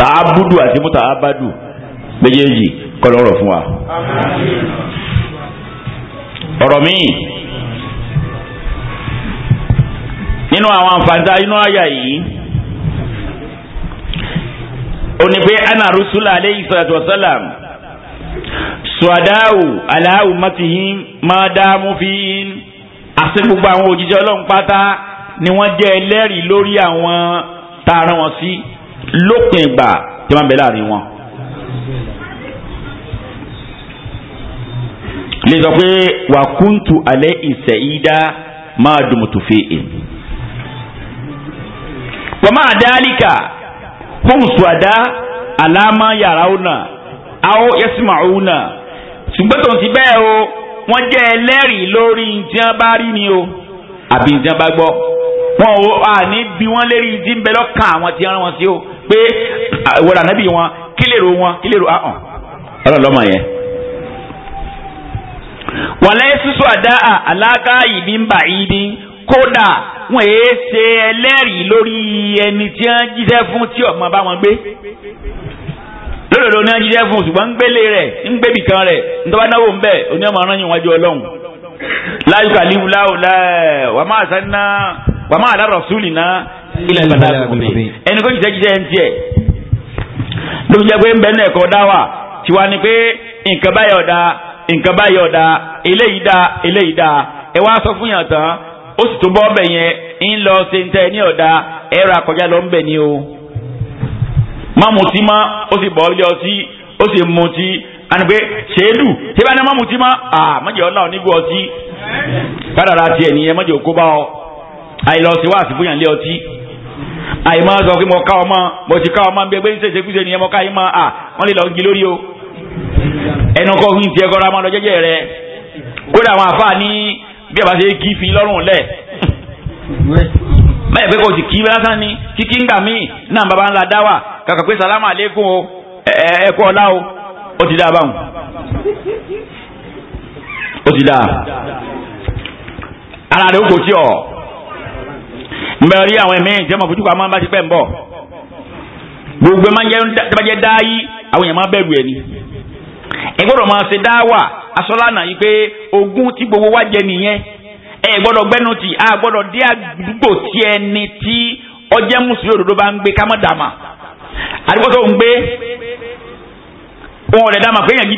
tààbùdù àti múta abádù méjèèjì kọlọ́rọ̀ fún wa. ọ̀rọ̀ míì nínú àwọn àǹfààní inú àyà yìí ó ní pé ana rusula aleyhi salatu wa salam suadawu aláwù matihin máa dáàmú fi àti gbogbo àwọn òjijì ọlọ́run pátá ni wọ́n jẹ́ ẹlẹ́rìí lórí àwọn tá wọn sí. Si lópin ìgbà tí wọ́n bẹ láàrin wọn. lè sọ pé wà kúntù alẹ́ ìsẹ̀ ìdá máa dùn tó fi è. wọ́n máa dálíkà fún sùwàdá àlámà yàrá ọ̀nà àwọn yẹ́sìmà ọ̀nà ṣùgbọ́n tó ń ti bẹ́ẹ̀ o wọ́n jẹ́ ẹlẹ́rìí lórí tí wọ́n bá rí ni o àbí tí wọ́n bá gbọ́ wọn ò àní bí wọ́n lérí tí ń bẹ lọ́kàn àwọn tí wọ́n rán wọn sí o pé wọ́n ànábì wọn kílèrò wọn kílèrò ahàn ah. ọlọ́lọ́mọ yẹn. wọ́n lẹ́yìn sísọ àdá àlágá ìdí ń bà yìí ní kódà wọ́n èé ṣe ẹlẹ́rìí lórí ẹni tí wọ́n jíṣẹ́ fún tí ọ̀mọ bá wọn gbé lódodo ní wọ́n jíṣẹ́ fún ṣùgbọ́n ń gbélé rẹ̀ ń gbébì kan rẹ̀ ntọ́ba náwó ń bẹ̀ oníyàmọ̀ aráyìn wájú ọlọ́run láyùkà líwúláwò láẹ̀ wàmà àṣà ná wàmà àlárọ̀ náà ilẹ̀ ìbàdàn àgùnbí ẹni kó ṣiṣẹ́ ṣiṣẹ́ ń tiẹ̀ ló jẹ́ pé ń bẹ ní ẹ̀kọ́ dá wà tiwa ni pé nǹkan báyọ̀ ọ̀dà nǹkan báyọ̀ ọ̀dà eléyìí dá eléyìí dá ẹ wá sọ fún yàn tán ó sì tún bọ́ ọbẹ̀ yẹn ń lọ lọ ń ni ah, o má ó sì bọ́ ilé ọtí ó sì ṣé bá ní má à mọ̀jẹ̀ ọtí kádàrà tiẹ̀ nìyẹn mọ̀jẹ̀ òkú bá ọ àìlọ́sí wá yàn lé ọtí àyèmọ sọ pé ka ká ọmọ mo ti ká ọmọ gbẹgbẹ ní sèse kúse nìyẹn mo ká yín mọ à wọn le lọ gí lórí o ẹnu kọ fún tiẹ kọra lọ jẹjẹ rẹ kódà ní bí àbá ṣe kí fi lọ́rùn lẹ̀ ni o ti a báwọn ó ti dá a mbẹ rí àwọn ẹ̀mí ìjẹ́ mọ̀ fojú kọ àwọn máa ti pẹ́ ń bọ̀ gbogbo ẹ̀ máa jẹ́ dábàjẹ́ dáyí àwọn èèyàn máa ẹ̀ ni ẹ gbọ́dọ̀ máa ṣe dáwà asọ́lànà yìí pé ogún tí gbogbo wa jẹ nìyẹn ẹ gbọ́dọ̀ gbẹ́nu tì á gbọ́dọ̀ dé àdúgbò tí ẹni tí ọjẹ́ mùsùlùmí òdodo bá ń gbé ká má dàmà àdúgbò tó ń gbé wọn ò lè dàmà pé èèyàn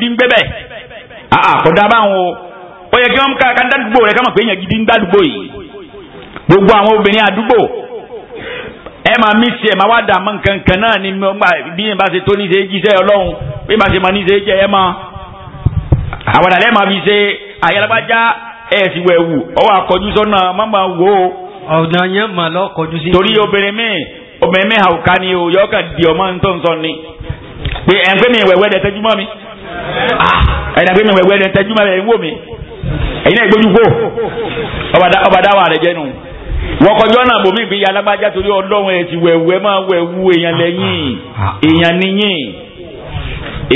gbogbo àwọn obìnrin àdúgbò ẹ máa mí tiẹ̀ máa wá dà mọ́ nǹkan kan náà ni bí yẹn bá ṣe tó ní ṣe jíṣẹ́ ọlọ́run bí yẹn bá ṣe máa ní ṣe jẹ́ ẹ máa àwàdà lẹ́ẹ̀ máa fi ṣe àyàlábájá ẹ̀ sì wẹ̀ wù ọwọ́ àkọjú sọ́nà má máa wò ó. ọ̀nà yẹn mà lọ kọjú sí. torí obìnrin mi obìnrin mi àwòká ni o yọ̀ọ́ kàn di ọmọ tó ń sọ ni pé ẹ̀ ń pè mí wẹ̀wẹ́ dẹ̀ tẹ́jú mọ́ mi ah, ẹ̀ ń pè mí wẹ̀wẹ́ dẹ̀ tẹ́jú mọ́ mi ẹ̀ ń wò mí ẹ̀yin náà ìgbójú kó ọ̀bàdà wà rẹ̀ jẹ́nu wọ́n kọjọ́ náà bòmí ìgbéyà alágbájá torí ọlọ́run ẹ̀ ti wẹ̀wù ẹ̀ máa wẹ̀wù èèyàn lẹ́yìn èèyàn níyìn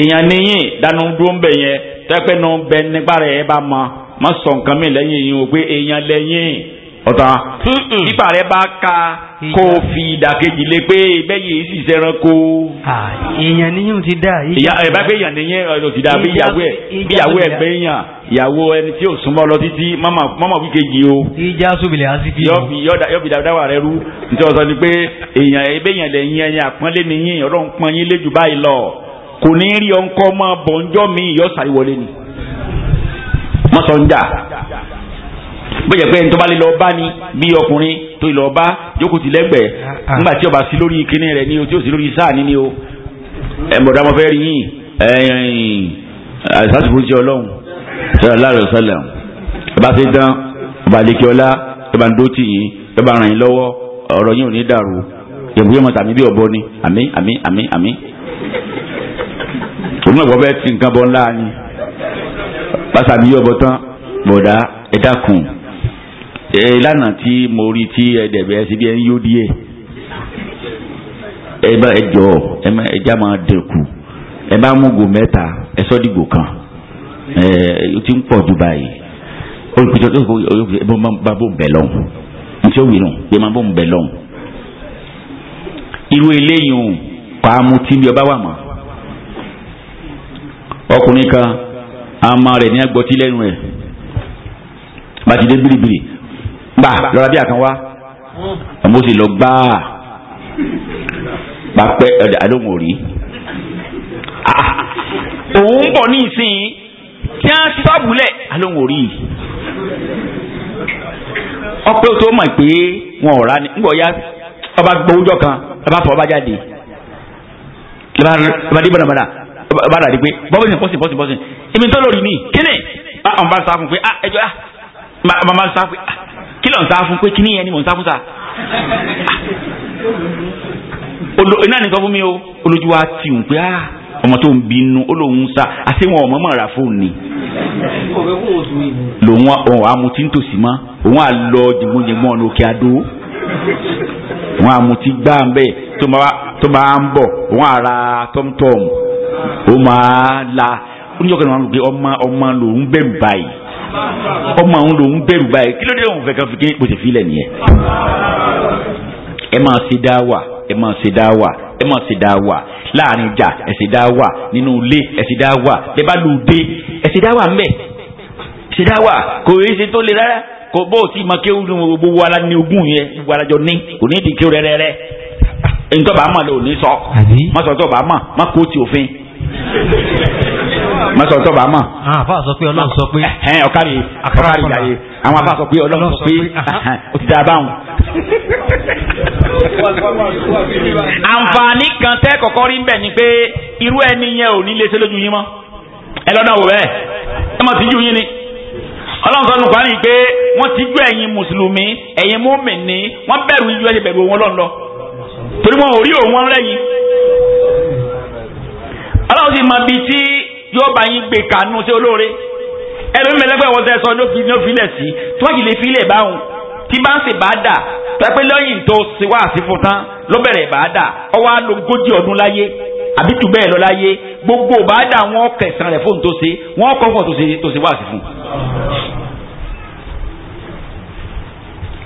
èèyàn níyìn dànù dúró ń bẹ̀ yẹn tẹ́pẹ́ nu bẹ nípa rẹ̀ ẹ bá mọ má sọ nǹkan mi lẹ́yìn yìí o pé èèyàn lẹ́yìn ọ̀tá nípa rẹ̀ bá ka kó o fi ìdàkejì lé pé bẹ́yì sì sẹ́ranko. èèyàn níyàn ti dà. ẹ bá pé èèyàn níyàn ọ̀nà ti dà bí ìyàwó ẹ bí ìyàwó ẹ gbé yàn ìyàwó ẹni tí ò súnmọ́ lọ títí mọ́mọ́ wí kejì o. ìjà sóbìlẹ̀ àsìkò. yọ̀bì dáwà rẹ rú nítorí wọ́n sọ ni pé èèyàn ẹgbẹ́ èèyàn lẹ́yìn ẹni àpọ́nlé nìyí ọlọ́run pọ́n yín léjù báyìí lọ kò ní rí ọkọ mọ́ bọ̀ńjọ́ mi ìyọ́sàrí wọlé ni. mọ́sọ̀ ń jà bẹ́ẹ̀ pé ntọ́ba lè lọ bá ni bí ọkùnrin tó lọ bá jókòó ti lẹ́gbẹ̀ẹ́ ah, ah. nígbà tí ọba sí lórí kinní rẹ̀ ni o tí o sí lórí sáà ni ni o ẹ̀ bọ̀dá mo fẹ́ rí yín ẹ̀yìn àìsàtúkú jẹ́ ọlọ́run sọ̀rọ̀ láàrọ̀ sọ̀lẹ̀ ọba ti dán ọba adékeọlá ọba ndótì yín ọba ràn yín lọ́wọ́ ọ̀rọ̀ yín ò ní dàrú ìbúyọ̀ mọ̀ tàbí bí ọ̀bọ ni àmì àmì àmì àmì òun náà wọ́n fẹ́ ti nǹkan bọ́ ńlá ni pàṣẹ àbí ọ̀bọ tán bọ̀dá ẹ dákun lánàá tí mo rí tí ẹ̀dẹ̀bẹ̀ ẹ̀sìn bí ẹni yóò díẹ̀ ẹ bá ẹ ẹ má ẹ já máa dẹ̀kù ẹ bá mú go mẹ́ta ẹ sọ́ dìgbò kan ẹ ó ti ń pọ̀ jù báyìí olùkọ́jọ́ tó kọ́ bó bá bó bẹ̀ lọ́hùn ntí ó nù pé má bó bẹ̀ lọ́hùn irú eléyìí o kọ́ amutí bí ọba wà mọ́ ọkùnrin kan ama rẹ̀ ní agbọ́tí lẹ́nu ẹ̀ bàtí dé biribiri gbà lọ́ra bí àkànwá àmọ́ sì lọ gbáà pápẹ́ ọ̀dà àdóhùn òrí òun ń bọ̀ ní ìsìn kí á ti fábùlẹ̀ àdóhùn òrí ọpẹ́ tó mọ̀ pé wọn ò rà ní nbọ̀ ya ọba gbowójọ́ kan ọba fọ ọba jáde ọba dé bọ̀dàbọ̀dà ọba rà dé pé bọ́sìn bọ́sìn bọ́sìn bọ́sìn èmi tó lórí mi kíni ọba sáfún pé ah, ẹjọ́ ah. màmá sáfún pé. Ah kí ló ń sá fún pé kí ni yẹn ni mò ń sá fún sa ah! iná nìkan fún mi o olójú wa ti hùn pé ah, ọmọ tó ń bínú ó lóun sa àti wọn ọmọ mọ̀ ra fóònù lòun ọ̀hún amutí ń tòsí mọ́ òun à lọ jẹ̀gbọ́njẹ̀gbọ́n ọ̀nà òkè adó òun amutí gbá ń bẹ̀ tó máa ń bọ̀ òun ara tọ́mtọ́m ó máa la oníjọ́kẹ́ ni wọ́n á lò pé ọmọ ọmọ lòun bẹ̀rù báyìí ọmọ àwọn lòún bẹ̀rù báyìí kí ló dé òun fẹ́ kan fi kí bó ṣe filẹ̀ nìyẹn. ẹ máa ṣe dáwà ẹ máa ṣe dáwà ẹ máa ṣe dáwà láàrin ìjà ẹ ṣe dáwà nínú ilé ẹ ṣe dáwà lẹ bá lù dé ẹ ṣe dáwà ńbẹ ṣe dáwà kò rí ṣe tó le rárá kò bó ti mọ kéwù ní gbogbo wa la ní ogún yẹn gbogbo alájọ ní kò ní ìdíkẹ́ rẹ́rẹ́rẹ́ ntọ́ba àmọ́ ló ní sọ má sọ tọ́ba àmọ́ má kó ti òfin má sọ tọ́ba mọ̀. Ah, àfa sọ pé ọlọ́run sọ pé. ẹhẹn ọ̀kárí ọ̀kárí jàre àwọn afa sọ pé ọlọ́run sọ pé ó ti da báwọn. àǹfààní kan tẹ́ kọ̀kọ́ rí bẹ́ẹ̀ ni pé irú ẹni yẹn ò ní lè ṣe lójú yín mọ́ ẹ lọ́dọ̀ wò bẹ́ẹ̀ ẹ mọ̀ síjú yín ni ọlọ́run sọ́nù kan ní pé wọ́n ti ju ẹ̀yin mùsùlùmí ẹ̀yin mùmìnì wọ́n bẹ̀rù ju ẹ̀yin bẹ̀rù wọn lọ́nà torí wọn ò rí òun wọn lẹ́yìn ọlọ́run sì mọ bíi tí yóò bá yín gbé kanú sí olóore ẹlòmí mẹlẹgbẹ wọn tẹsán ló fi ló filẹ sí tíwájú lè filẹ báwọn tí bá ń ṣe bá dà pẹpẹ lẹ́yìn tó ṣe wá sí fún tán ló bẹ̀rẹ̀ bá dà ọwọ́ alógójì ọdún láyé àbí tù bẹ́ẹ̀ lọ láyé gbogbo bá dà wọn kẹsàn rẹ̀ fóun tó ṣe wọn kọ́ fún tó ṣe wá sí fún.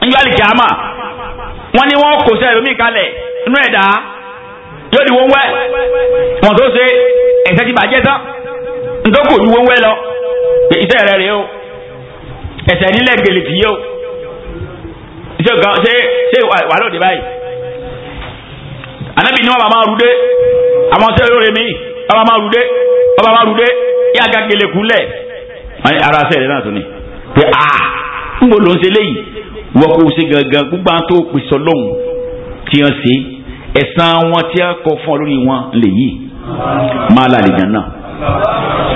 nígbà àlìkè àmà wọn ni wọn kò sí ẹlòmíì kalẹ̀ inú ẹ̀dá yóò di wọn wẹ wọn tó ṣe ẹ̀sẹ̀ ti bàjẹ́ tán ntọ́kọ̀ ojú wọ́n wẹ́ lọ pé iṣẹ́ rẹ̀ rèé o ẹ̀sẹ̀ nílẹ̀ gèlè tì yé o iṣẹ́ gan ṣé ṣé wà lóde báyìí anabi ni wọn bá máa rú dé àwọn ṣe lóore mi wọn bá máa rú dé wọn bá máa rú dé yá ga gèlè kúlẹ̀ ara ṣe rẹ̀ náà tó ni pé a ń bò ló ń ṣe léyìí wọ́n kò ṣe gangan gbogbo àwọn tó pèsè ọlọ́run tí wọ́n ṣe ẹ̀san wọn tí wọ́n kọ fún ọ lórí wọn lè yí máa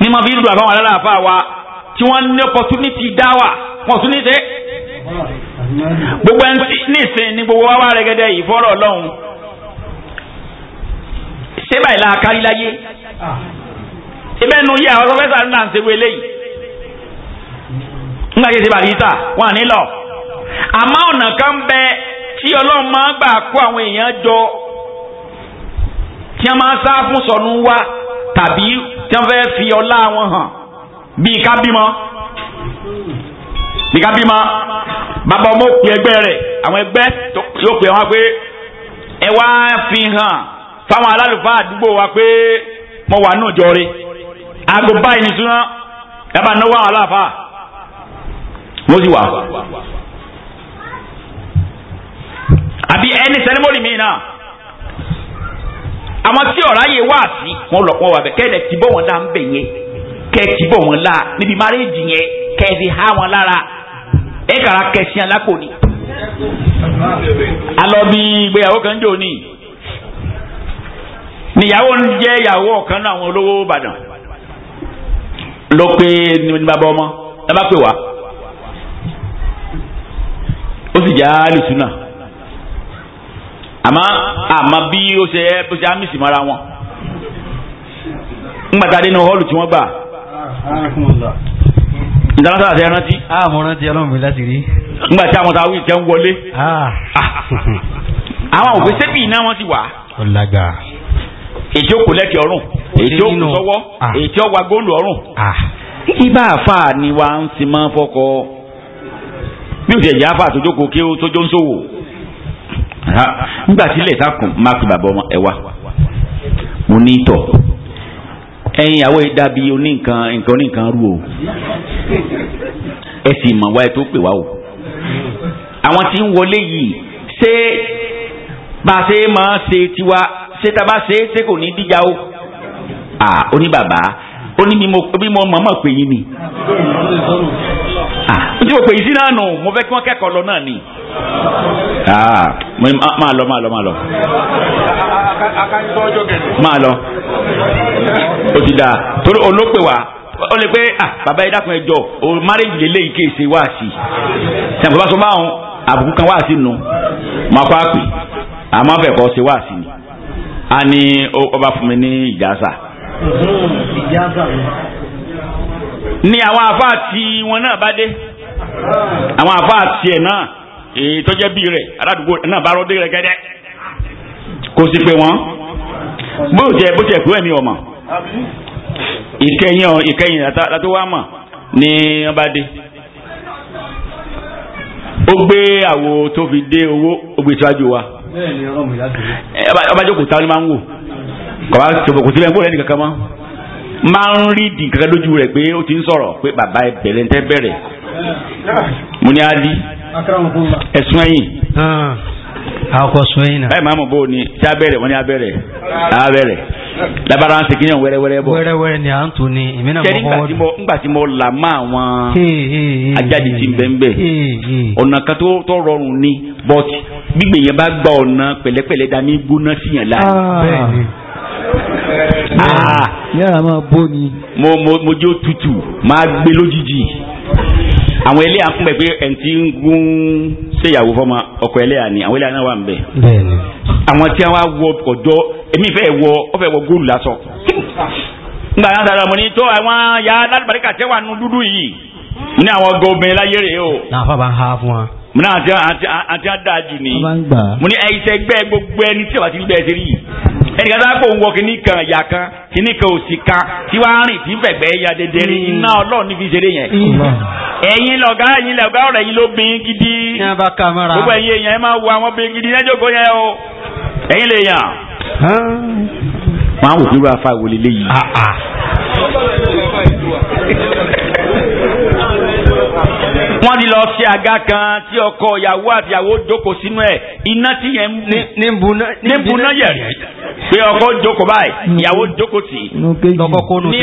ní ma fi ń lu àbáwọn alálàáfà wa tí wọ́n ní opportunity dá wa opportunity. gbogbo ẹni nísìnyí ni gbogbo wa wá rẹ́gẹ́dẹ́ yìí fọ́rọ̀ ọlọ́run ṣé báyìí la kárí láyé ibẹ̀ nu yí àwọn sọfẹ́sà náà ń ṣe wọlé yìí nígbà tí ìṣe bàríta wọn à ní lọ àmọ́ ọ̀nà kan bẹ tí ọlọ́run máa ń gbà kó àwọn èèyàn jọ tí wọ́n máa ń sá fún sọnù wa tàbí tí wọ́n fẹ́ fi ọlá wọn hàn bíi ká bímọ bíi ká bímọ bàbá ọmọ òkú ẹgbẹ́ rẹ̀ àwọn ẹgbẹ́ yóò pè wọn pé ẹ wá fi hàn fáwọn alálùfáà àdúgbò wa pé mo wà nù jọre aago báyìí ní súná yàrá náwó àwọn aláfáà wọ́n sì wà. àbí ẹni sẹ́ni mọ́lì náà. àwọn tí ọ̀rá yẹ wá sí wọn lọ wọn wà bẹ kẹ́ẹ̀ tí wọn là ń bẹ̀ yẹn kẹ́ẹ̀ wọn là níbi márẹ́jì yẹn kẹ́ẹ̀ fi há wọn lára ẹ̀ kàrà kẹsí alákò ni. alọ́bí ìgbéyàwó kan jò ní níyàwó ń jẹ́ ìyàwó ọ̀kan náà àwọn olówó Ìbàdàn ló pé ní bàbá ọmọ ẹ bá pè wá ó sì náà. àmọ́ àmọ́ bí ó ṣe ẹ́ bó ṣe á mìsì mọ́ra wọn. ń gbàtà nínú họ́ọ̀lù tí wọ́n gbà. ìdáná sábà ṣe rántí. àmọ́ rántí ọlọ́run mi láti rí. ń gbàtà àwọn táwọn ìtẹ́ ń wọlé. Ah. àwọn òfin sẹ́bì iná wọn ti wà. ọ̀làgà. ètí ó kò lẹ́kẹ̀ ọ̀rùn ètí ó kò sọ́wọ́ ètí ó wà góòlù ọ̀rùn. ibà àfà ni wa ń sin máa fọkọ bí òṣèjì àfà tó jókòó kí ó tó jó ń ṣòwò nígbà tí ilẹ̀ sákùn má pe bàbá ọmọ ẹ wá mo ní tọ̀ ẹ̀yin àwọn ìdàbí oníǹkan nǹkan oníǹkan rú o ẹ sì mọ̀ wá ẹ tó pè wá o àwọn tí ń wọlé yìí ṣé bá a ṣe máa ṣe tiwa ṣé tá a bá ṣe é ṣé kò ní díjà o ó ní bàbá ó bí mo mọ̀ọ́mọ̀ pè yín ni ó ní mo pè sí náà nù mo fẹ́ kí wọ́n kẹ́kọ̀ọ́ lọ náà ni. Ah, máa ah, lọ máa lọ máa lọ. máa lọ o ti da torí olópè wa ó lè pé ah, bàbá yìí dákun ẹjọ o márèjì lélẹ́yìí kéèsì wá sí i sẹ́yìn bàbá sọ báwọn àbùkù kan wá sí nu máa kó àpè àmọ́ bẹ̀ kọ́ ṣe wá sí ni a ní ọba fún mi ní ìjàsà. ní àwọn afáàtì wọn náà bá dé àwọn afáàtì ẹ̀ náà èyí tó jẹ́ bí rẹ̀ aládùúgbò náà bá rọ́dé rẹ̀ gẹ́dẹ́ kò sí pé wọ́n bó jẹ́ bó jẹ́ pé ẹ̀mí ọ̀mọ̀ ìkẹyìn ìkẹyìn àti wàá mọ̀ ni wọ́n bá dé ó gbé àwo tó fi dé owó ó gbé síwájú wa ọba jókòó táwọn máa ń wò kò sílẹ̀ ń bò lẹ́nu kankan mọ́ máa ń rí di kankan lójú rẹ̀ pé ó ti ń sọ̀rọ̀ pé bàbá ẹ bẹ̀rẹ̀ tẹ́ bẹ̀rẹ̀ mo ní ali ẹ̀sùn ẹ̀yìn. àkọ́ ah, sùn ẹ̀yìn náà. báyìí máa mọ̀ bó o ní tí a bẹ̀rẹ̀ wọ́n ní a bẹ̀rẹ̀ a bẹ̀rẹ̀ labara ń segin yàn wẹ́rẹ́wẹ́rẹ́ bọ̀. wẹ́rẹ́wẹ́rẹ́ ni à ń tún ni èmi náà mọ̀ fọwọ́ nígbà tí mo la ma àwọn ajadi tí ń bẹ ń bẹ ọ̀nà kan tó rọrùn ni but gbígbé yẹn bá gba ọ̀nà pẹ̀lẹ́pẹ̀lẹ́ dání gbóná sí yàn Ah. yàrá máa bó ni. mo mo mo jó tutù máa gbé lójijì àwọn ẹlẹ́yà ń bẹ̀ pé ẹ̀ǹtí ń gún ṣèyàwó fọmọ ọkọ ẹlẹ́yà ni àwọn ẹlẹ́yà náà wà ń bẹ̀. àwọn tí wọn wọ ọjọ́ èmi fẹ́ wọ ọ wọ góòlù lásán. nígbà náà sọ̀rọ̀ mo ní tó àwọn ya alábàríkà tẹ́wà nù dúdú yìí ní àwọn ọgọ obìnrin láyé rèé o. náà fábà ha fún wa. mo náà àti àti ni mo ní ẹyíṣẹ́ gbẹ́ gbogbo ẹni tí ọba ti rí bẹ́ẹ̀ ti rí yìí ẹnìkan sábà kò ń wọ kíní kan ìyá kan kíní kan òsì kan tí wàá rìn tí ya dédé rí mm. iná ọlọ́run ní fi ṣeré yẹn mm. ẹ̀yin lọ̀gá ẹ̀yin lọ̀gá ọ̀rọ̀ ẹ̀yin ló bín gidi gbogbo ẹ̀yin èèyàn ẹ máa wo àwọn bín gidi ẹjọ́ kò o ẹ̀yin lè yàn. Ah. wọ́n ní lọ sí àga kan tí ọkọ ìyàwó àti ìyàwó jókòó sínú ẹ̀ iná tí yẹn ń bù níbu náà yẹ̀ rí pé ọkọ jókòó báyìí ìyàwó jókòó tì í ní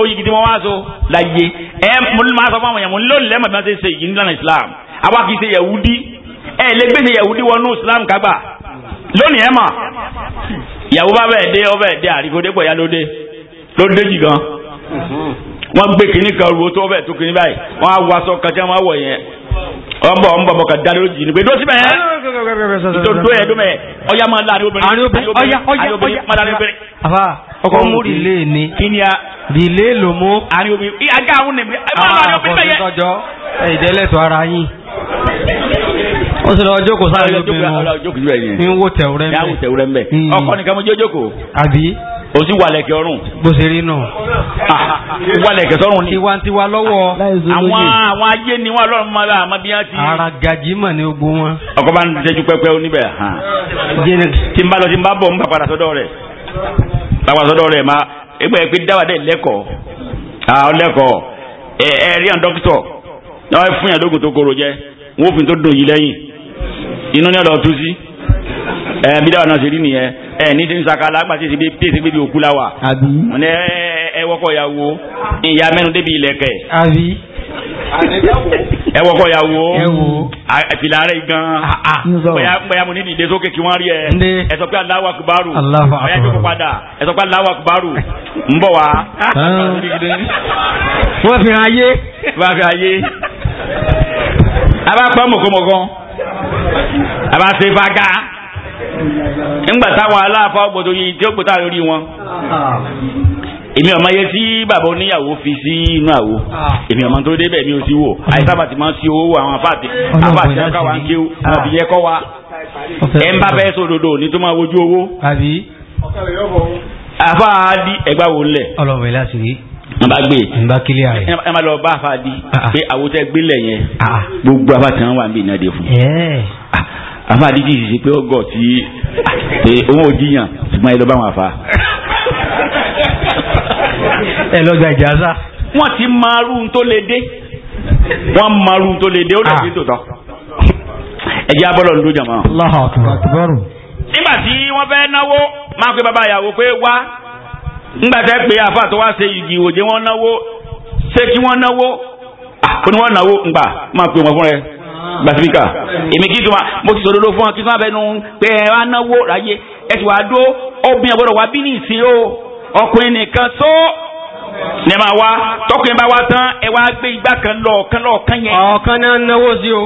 oyigi tí wọ́n wá so láyé ẹ mo ní máa sọ fún àwọn èèyàn mo ní lónìí lẹ́mọ̀ bí wọ́n ti ṣe ìyí nílànà Islam àwa kì í ṣe yẹ̀wúdí ẹ lè gbé ṣe yẹ̀wúdí wọnú Islam kágbà lónìí ẹ mà ìyàwó bá bẹ́ẹ̀ dé ọ bẹ́ẹ̀ dé àríkò dé pọ̀ ya ló dé ló dé jì gan wọ́n gbé kínní kan ru tó bẹ́ẹ̀ tó kínní báyìí wọ́n á wọ aṣọ kan tí wọ́n wọ̀ yẹn wọ́n bọ̀ wọ́n bọ̀ bọ̀ ka da lójijì ni pé dó síbẹ̀ yẹn tó dó yẹn dómẹ̀ ọ̀yà máa da ni obìnrin ọ̀yà ọ̀yà ọ̀yà máa da ni obìnrin. àbá ọkọ mú dìlé ni dìlé ló mú. àní obìnrin ìyá ajá àwọn nìbí ẹ máa lọ àní obìnrin bẹ́ẹ̀ yẹn. ìdẹ́lẹ̀tọ̀ ara yín ó sì lọ jókòó sáré obìnrin mi ń wò tẹ̀wúrẹ́ mbẹ́ ọkọ nìkan mo jókòó. àbí o sì wàlẹ̀ kẹ ọrùn. bó ṣe rí nù. wàlẹ̀ kẹ sọrùn ni. tiwantiwa lọ́wọ́. àwọn àwọn ajé ni wọn lọ́rùn máa bá àmọ́ bí wọ́n ti. ara gajì mà ní ogun wọn. ọkọ bá ń tẹjú pẹpẹ oníbẹ̀. tí n bá lọ tí n bá bọ̀ n bá padà sọ́dọ̀ rẹ̀ bá padà sọ́dọ̀ rẹ̀ máa ẹgbẹ́ pé dáwàdà lẹ́kọ̀ọ́ àwọn lẹ́kọ̀ọ́ ẹ ẹ rí àwọn dókítọ̀ náà fún yàrá ògùn tó koro jẹ wọn fi tó dùn yìí lẹ́yìn inú ni ọ̀dọ̀ tu ẹ bí dáwàdà náà ṣe rí nìyẹn ẹ ní ti nsaka la gbàtí ti bí pèsè gbé bí òkú la wa. àbí. mo ní ẹ wọkọ ya wo ìyá mẹnu débi ilẹ̀kẹ̀. àbí. ẹ wọkọ ya wo. ẹ wo. àfìlà rẹ gan. bóyá ah, ah. bóyá mo ní dìde sókè kí wọ́n rí ẹ. ndé ẹ sọ pé Allahu Akbaru. Allahu Akbar. ọ̀yá jókòó padà ẹ sọ pé Allahu Akbaru. ń bọ̀ wá. Ah. wọ́n fi hàn yé. wọ́n fi hàn yé. a b'a pẹ́ mọ̀kọ́mọ̀kọ́ a b'a se faga nígbà táwọn aláàfáà gbọ́dọ̀ yìí tí ó gbọ́dọ̀ lórí wọn èmi ọmọ yẹ tí bàbá oníyàwó fi sí inú àwo èmi ọmọ tó débẹ̀ mi ò sí wò àìsábà ti máa ń sí owó àwọn afáàtì afáàtì náà káwa ń ké wọn fi yẹ kọ́ wa ẹ̀ ń bá fẹ́ sódodo ní tó máa wojú owó. àfa adi ẹgbà wo lẹ. ọlọ́run ìlà sí rí. n bá gbé n bá kílẹ̀ ààrẹ. ẹ má lọ bá afa di ah, ah. pé àwòtẹ́ gbélé yẹn ah. gbogbo afa tí wọ́n wà ń bè náà fún àfa àdíjì sì ṣe pé ó gọ̀ tí òun ò jiyàn ṣùgbọ́n ẹ lọ bá wọn àfa. ẹ lọ gba ìjàzá. wọ́n ti marú tó lè dé wọ́n marú tó lè dé ó lè dé ah. tòótọ́ ẹ jẹ́ abọ́lọ̀ ń dójà mọ́. nígbà tí wọ́n fẹ́ náwó máa pe bàbá ìyàwó pé wá nígbà tẹ́ pé àfa tó wá ṣe igi òjé wọ́n náwó ṣé kí wọ́n náwó ah, ó ní wọ́n náwó ńgbà máa pe wọn fún rẹ gbàsíbíkà èmi kí tó ma mo ti sòdodo fún ọ kí tó ma bẹ nu pé ẹ wá náwó láyé ẹ ti wá dó obìnrin àgbọ̀dọ̀ wá bí nìsí o ọkùnrin nìkan tó ní ma wá tọkùnrin bá wá tán ẹ wá gbé igbá kan lọ ọ̀kan lọ ọ̀kan yẹn. ọ̀kan náà náwó sí o.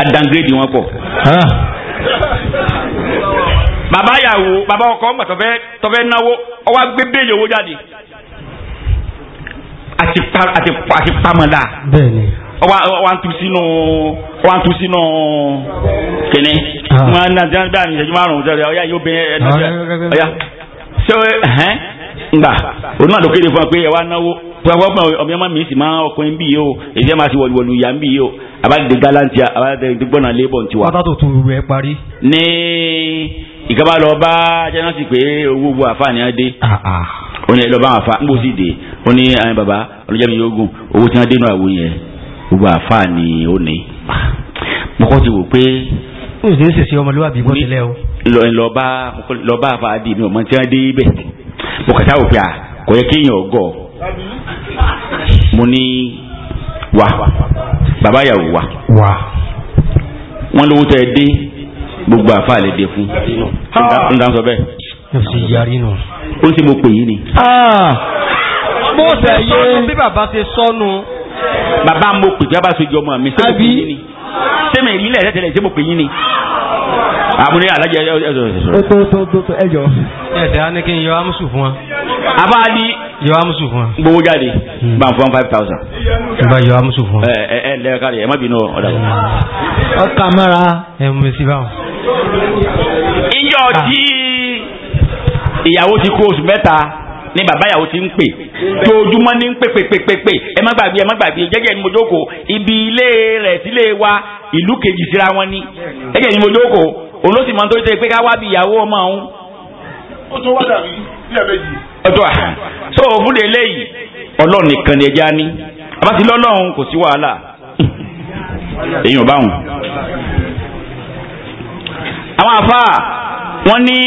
adangrèdì wọn pọ̀. bàbá yàwó bàbá ọkọ ọgbà tọfẹ tọfẹ náwó ọwọ agbé bẹ́ẹ̀lì owó jáde àti pamọ́ la. bẹ́ẹ̀ni wa tu sínú wa tu sínú kìnní. wọn á nàjà bí àmì ìṣẹ́jú márùn-ún ọ̀dọ́ ọ̀yá yóò bẹ ẹ̀ ah, ọ̀yá ṣé ẹ̀hẹ́n ngbà òun náà lókèrè fún wa pé ẹ náwó fún wa fún ọmọ ọmọ mi sì máa ọkùnrin bí yìí o èyí máa ti wọlúwọlú ìyá bí yìí o àbádé galantia àbádé gbọ́nà lébọ̀ tiwa. pátá tó tún rú ẹ parí. ní ìkàbá lọ bá jẹ́nàtì pé owó gbogbo àfààní á dé ah, ah. ó ní ẹ lọ bá wọn fa ń bó sì dé ó ní àwọn bàbá ọlọ́jà yóò gùn owó tí wọ́n dé náà wò yẹn gbogbo àfáà ni ó ní. mo kọ́ ti wò pé. ó sì ń sèse ọmọlúwàbí bọ́ tẹ́lẹ̀ o. lọ́ba lọ́ba àfáàdì mi ò mọ tí wọ́n dé ibẹ̀ mo kàtà wò pé à kò yẹ kéèyàn ọgọ́ mo ní wà bàbá yàwó wà. wà. wọ́n lówó tẹ́ dé gbogbo àfáà lè dé fún. n dáhùn sọ bẹ́ẹ̀. mo sì yarí nù. ó ṣe mo pè yín ni. bó ah! ṣe bí bàbá ṣe sọnù bàbá mo pè bàbá sojọ ọmọ mi sẹ́mi pè yín ni sẹ́mi èyí lẹ̀ tẹ́tẹ́lẹ̀ sẹ́mi pè yín ni. àmúni alájẹ ẹjọ ẹjọ ẹjọ. o tó tó tó tó ẹjọ. ẹ tẹ á ní kí n yọ amusu fún wa. a bá ní. yọ amusu fún wa. gbowó jáde. bá a fún five thousand. n bá yọ amusu fún wa. ẹ ẹ lẹ kárí ẹ má bínú ọ̀dà. ọkà mara. ẹ mú mi sí báwọn. ìjọ tí ìyàwó ti kú oṣù mẹ́ta ni bàbá ìyàwó ti ń pè tójúmọ́ ní ń pè pè pè pè pè ẹ má gbàgbé ẹ má gbàgbé jẹ́jẹ́ ni mo jókòó ibi ilé rẹ̀ sílé wa ìlú kejì síra wọn ni jẹ́jẹ́ ni mo jókòó òun máa ń torí pé ká wá bí ìyàwó ọmọ òun. ó tún wá dàbí bí àbẹ́jì. ọ̀dọ́ à so òfin lè léyìí ọlọ́run nìkan ni ẹja ní abáti lọ́lọ́run kò sí wàhálà èèyàn báwọn. àwọn àfáà wọ́n ní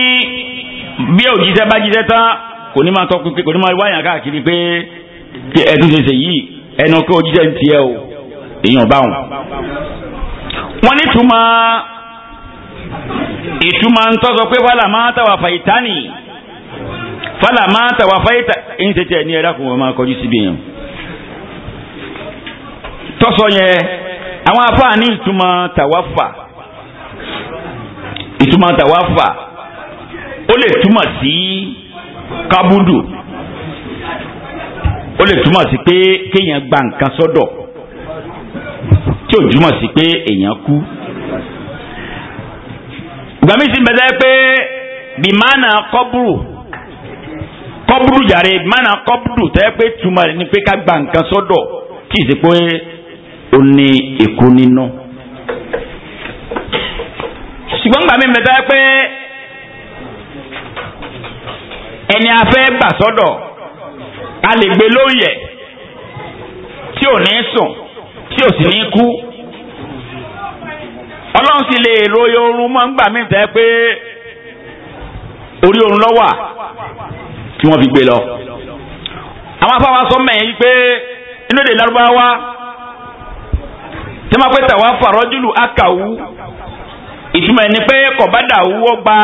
bí òjíṣẹ́ bá jíṣẹ́ tán kò ní máa tọ́ pípé kò ní máa wáyà káàkiri pé ẹtú ṣe ṣe yìí ẹnu pé òjíṣẹ́ ń tiẹ̀ o èèyàn bá wọn. wọ́n ní túmọ̀ ìtumọ̀ ń tọ́sọ pé fàlà máa tàwa fàìtánì fàlà máa tàwa fàìtà ẹ̀yìn tètè ẹ̀ ní ẹ̀dá kò wọ́n máa kọjú síbi yẹn. tọ́sọ yẹn àwọn afáà ní ìtumọ̀ tàwa fà ìtumọ̀ tàwa fà ó lè túmọ̀ sí. Si, Kabudu, ó lè túmọ̀ sí pé kéèyàn gba nǹkan sọ́dọ̀ tí ò túmọ̀ sí pé èèyàn kú. ìgbà mi sì ń bẹ̀rẹ̀ pé bìmánà kọ́búrù kọ́búrù jàre bìmánà kọ́búrù tẹ́ pé túmọ̀ ní pé ká gba nǹkan sọ́dọ̀ kì í sì pé ó ní èkó nínú. ṣùgbọ́n ìgbà mi ń ẹni afẹ́ bà sọ́dọ̀ a lè gbé lóyè tí ò ní sùn tí ò sì ní kú ọlọ́run sì lè ròyìn oorun mọ́ ńgbà mí tẹ́ pé orí oorun lọ́wà tí wọ́n fi gbé lọ. àwọn afáwa sọ mẹ́yìn yìí pé inú èdè lárúbáwá tí wọ́n pẹ́ tàwa fàrọ́jùlù àkàwù ìtumọ̀ ẹni pé kọ̀bádà wọ́ gba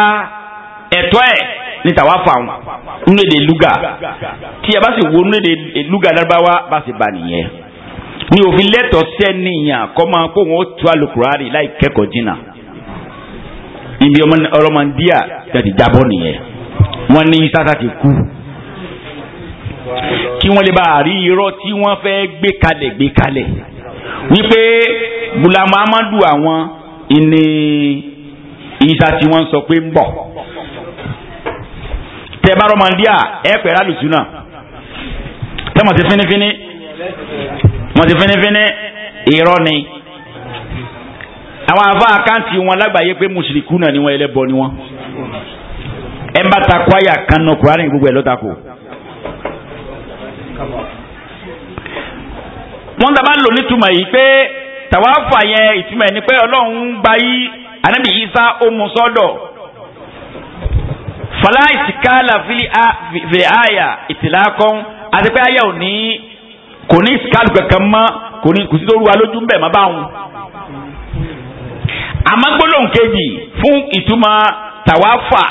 ẹ̀tọ́ ẹ̀ ní tàwa fàwọn nínú èdè lúgà tí a bá sì wo nínú èdè lúgà lárúbáwá bá sì bá nìyẹn ní òfin lẹ́tọ̀ọ́ sẹ́niyàn kọ́ máa kó wọn ó tu alukurari láì kẹ́kọ̀ọ́ jìnnà ibi ọlọ́mọdíà tẹ̀sí jábọ́ nìyẹn wọ́n ní sátá ti kú kí wọ́n lè bá àrí irọ́ tí wọ́n fẹ́ gbé kalẹ̀ gbé kalẹ̀ wípé Gulamu Amadu àwọn ìní ìsà tí wọ́n sọ pé ń bọ̀ tẹ bá rọmọ ndíà ẹ pẹ̀ rálù túnà tẹ mọ̀ sí fínífíní mọ̀ sí fínífíní irọ́ ni àwọn àfa àkáǹtì wọn lágbàáyé pé mùsùlùkù náà ni wọn ẹlẹ́bọ ni wọn ẹ bá ta kwaya kan náà kúránì gbogbo ẹ ló ta kò. wọ́n dábàá lò nítumọ̀ yìí pé tàwa fà yẹn ìtumọ̀ ẹ̀ pé ọlọ́run gba yí ànábì Ìsá ó mú sọ́dọ̀ fàlà ìsìkàlà fi a ìtìlákan àti pé àyà ò ní kò ní ìsìkàlù kankan mọ́ kò ní kùsí tó rú wa lójú bẹ́ẹ̀ má báwọn. àmọ́ gbólóhùn kejì fún ìtumọ̀ tàwáfà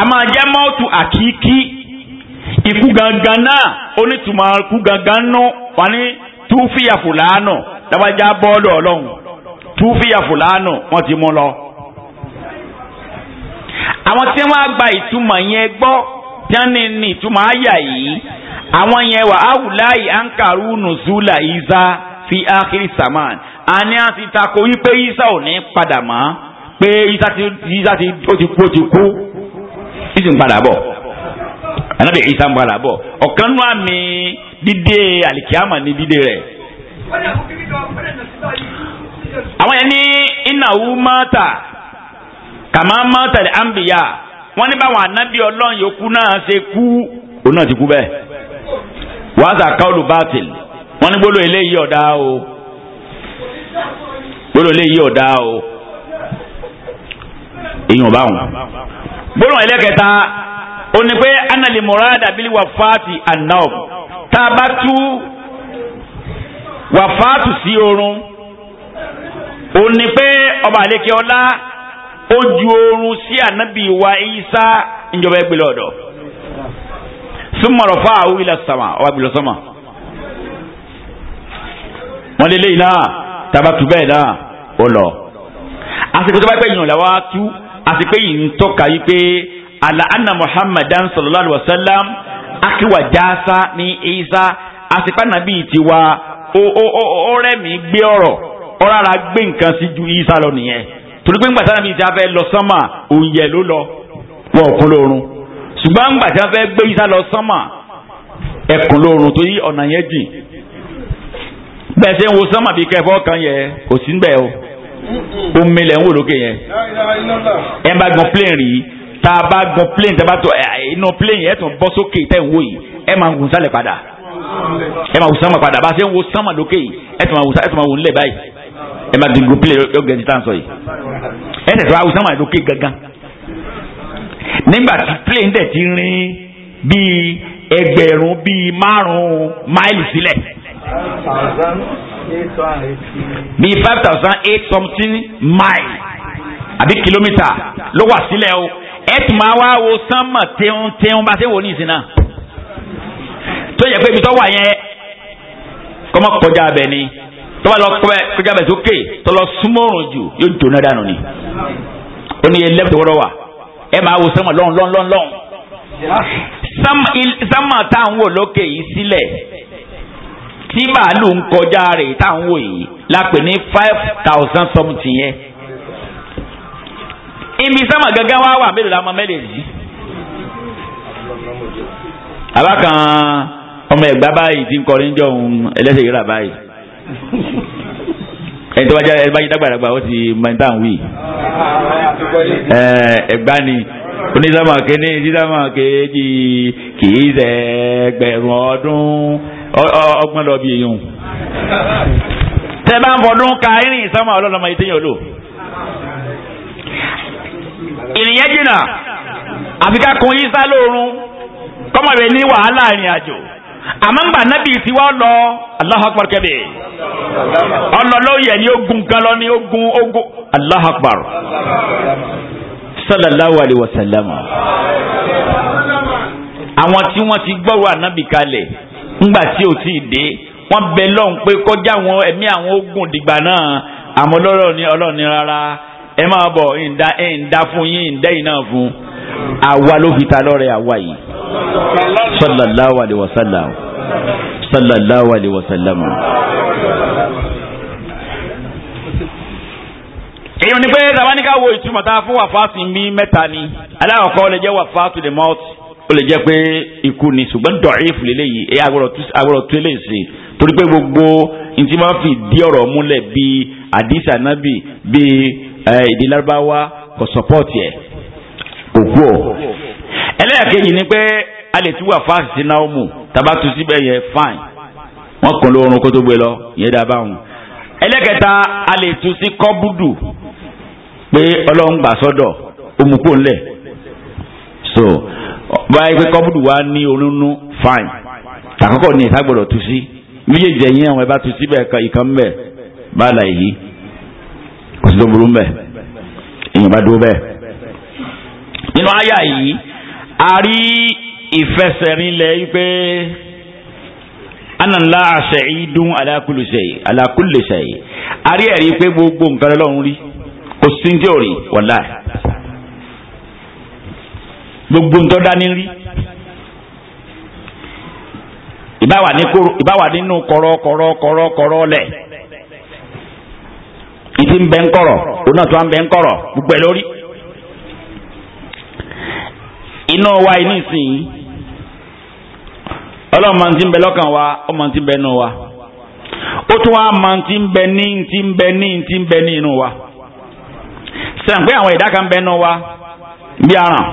àmọ́ ajá mọ́ọ̀tù àkíkí ikú gangan náà onítùmọ̀ ikú gangan nù wà túfìyà fúlàánù dábàjá bọ́ọ̀lù ọlọ́run túfìyà fúlàánù wọ́n ti mú lọ àwọn tí wọ́n á gba ìtumọ̀ yẹn gbọ́ jẹ́ni ní ìtumọ̀ àyà yìí àwọn yẹn wà áwùláyì ankaru nùzúlà ìza fi ákìrì sàmán àní àti tako wípé ìsa ò ní padà mọ́ pé ìsa ti ìsa ti ó ti kú ó ti kú ìsì ń padà bọ̀ ànábì ìsa ń padà bọ̀ ọ̀kan nù àmì dídé àlìkíyàmà ní dídé rẹ̀ àwọn yẹn ní ìnáwó mọ́ta kàmá mọ́tàlì àǹbìyà wọ́n ní báwọn ànábì ọlọ́run yòókù náà ṣe kú òun náà ti kú bẹ́ẹ̀ wàhálà káwọlù bátìl wọ́n ní gbólóhùn eléyìí ọ̀dá o gbólóhùn eléyìí ọ̀dá o èyàn bá wọn. gbólóhùn ẹlẹ́kẹta ó ní pé anali murada bíi wàfáàtì anam tá a bá tú wàfáàtù sí ní pé ọba àlekè ọlá ó ju oorun sí ànábì wa Isa ìjọba ẹgbẹ́ lọ́dọ̀ súnmọ̀rọ̀ fáà wíìlà sàmà ọba gbìlọ sàmà wọn lé léyìn náà tàbá tù bẹ́ẹ̀ náà ó lọ. àsìkò tó bá pẹ́ yìnyín làwọn tú àsìkò yìí ń tọ́ka yìí pé àlà anna Muhammadan sallallahu alayhi wa sallam akiwa jaasa ní Isa àsìkò ànábì tiwa ó rẹ̀ mí gbé ọ̀rọ̀ ọ̀rọ̀ ara gbé nǹkan sí ju Isa lọ nìyẹn torí pé ńgbà tí anabi isa fẹ́ lọ sánmà òǹyẹ ló lọ wọn ò kún lóorun ṣùgbọ́n ńgbà tí wọn fẹ́ gbé isa lọ sánmà ẹkùn lóorun torí ọ̀nà yẹn jìn bẹ́ẹ̀ ṣe ń wo sánmà bíi kẹfọ́ kan yẹ kò sí níbẹ̀ o omi lẹ̀ ń wò lókè yẹn ẹ bá gun plane rí tá a bá gun plane tá a bá tó inú plane yẹn tún bọ́ sókè tẹ̀ ń wò yìí ẹ máa gun sálẹ̀ padà ẹ máa wò sánmà padà bá ṣe ń wo sánmà lókè yìí ẹ tún máa wò nílẹ̀ báyìí ẹ máa gbogbo play yóò gẹ̀ ti tán sọ yìí ẹ tẹ̀sọ́ awusa máa lókè gangan nígbà tí play dẹ̀ ti rin bíi ẹgbẹ̀rún bíi márùn-ún máìlì sílẹ̀ bíi five thousand eight something mile àbí kìlómítà ló wà sílẹ̀ o ẹ tún máa wá wo sánmà tẹ́hún tẹ́hún bá ṣe wò ní ìsìn náà tó yẹ pé ibi tó wà yẹn kọ́mọ abẹ ni tọ́ba lọ pẹ́ kọjá bẹ̀ sókè tọ́lọ súnmọ́rùn jù yóò jóná dànù ni ó ní ẹlẹ́pù tó wọ́rọ̀ wà ẹ máa wo sánmà lọ́n lọ́n lọ́n lọ́n sánmà tá ń wò lókè yìí sílẹ̀ tí màálù ń kọjá rẹ̀ tá ń wò yìí la pè ní five thousand something yẹn ibi sánmà gángan wá wà mélòó la mọ mélòó yìí abakan ọmọ ẹgbàá báyìí ti ń kọrin jọ ohun ẹlẹ́sẹ̀ yìí rà báyìí ẹni tó bá jẹ́ ẹni bá yí dàgbàdàgbà ó ti mọ ní wí. ẹgbà ni onídàmọ̀ kéne onídàmọ̀ kéjì kì í ṣe ẹgbẹ̀rún ọdún ọgbọ́n lọ bí eyín. tẹ́ bá ń fọdún ka irin ìsọmọ ọlọ́lọ́mọ yìí téèyàn lò. ìrìnyẹ́ jìnnà àfi ká kun yín sá lóorun kọ́mọ̀ rẹ̀ ní wàhálà ìrìn àjò. àmọ́ngbà nábì tí wọ́n lọ Allahu Akbar kẹ́bẹ̀ ni ó lọ ni ogun ogun ó sallallahu alayhi wa sallam àwọn tí wọ́n ti gbọ́rọ̀ ànábì kalẹ̀ ńgbà tí ò tí ì dé wọ́n bẹ lọ́hùn pé kọjá àwọn ẹ̀mí àwọn ogun dìgbà náà àmọ́ lọ́rọ̀ ni ọlọ́ọ̀ni rárá. ẹ máa bọ̀ ìǹda ìǹda fún yín ìǹda yìí náà fún àwa ló fi ta lọ́rẹ̀ àwa yìí sallallahu alayhi wa sallam sallallahu alayhi wa sallam. èyí ni pé tabaníkà wo ìtumọ̀ tá a fún wàfáàsì mi mẹ́ta ni aláwọ̀kọ́ lè jẹ́ wàfáàtù lè mọ́ọ̀tì ó lè jẹ́ pé ikú ni ṣùgbọ́n dọ̀rí fìlélẹ́ yìí ẹ agbọ́dọ̀ lè ṣe torí pé gbogbo ntí máa fi di ọ̀rọ̀ múlẹ̀ bíi àdìsí bíi Eh, èdè Lárúbáwá kò support ẹ̀ kò kú ọ̀. ẹlẹ́yàkejì ni pé a lè tú wà fáàsì sí náwọ́mù tàbá tu síbẹ̀ yẹn fáìn wọ́n kàn lóorun kó tó gbé lọ yẹn dá báwọn. ẹlẹ́kẹta a lè tu sí kọ́búdù pé ọlọ́run gbà sọ́dọ̀ òmùkú ńlẹ̀ so báyìí pé kọ́búdù wa ní onínú fine. tàkọ́kọ́ ni ìta gbọ́dọ̀ tu sí méjèèjì ẹ̀yìn àwọn ẹ̀ bá tu síbẹ̀ ìkan bẹ̀ bá là yìí kò sí tó burú mbẹ èèyàn bá dúró bẹ́ẹ̀. nínú àyà yìí a rí ìfẹsẹ̀rinlẹ̀ yìí pé ananla àṣẹ yìí dún alákùlùṣe alákùlùṣe yìí a rí ẹ̀rí pé gbogbo nǹkan lọ́run rí kò sí ní òrì wọ̀lá gbogbo ń tọ́ dání rí ìbáwà nínú kọ̀rọ̀ kọ̀rọ̀ kọ̀rọ̀ kọ̀rọ̀ lẹ̀. èyí tí ń bẹ ń kọ̀rọ̀ òun náà tó ń bẹ ń gbogbo ẹ̀ lórí. iná wa iní ìsìn ọlọ́run máa ti ń bẹ lọ́kàn wa ó ti ń bẹ wa ó tún wá máa ti ń bẹ ní ti ń bẹ ní ti ń bẹ ní inú wa pé àwọn wa bí aràn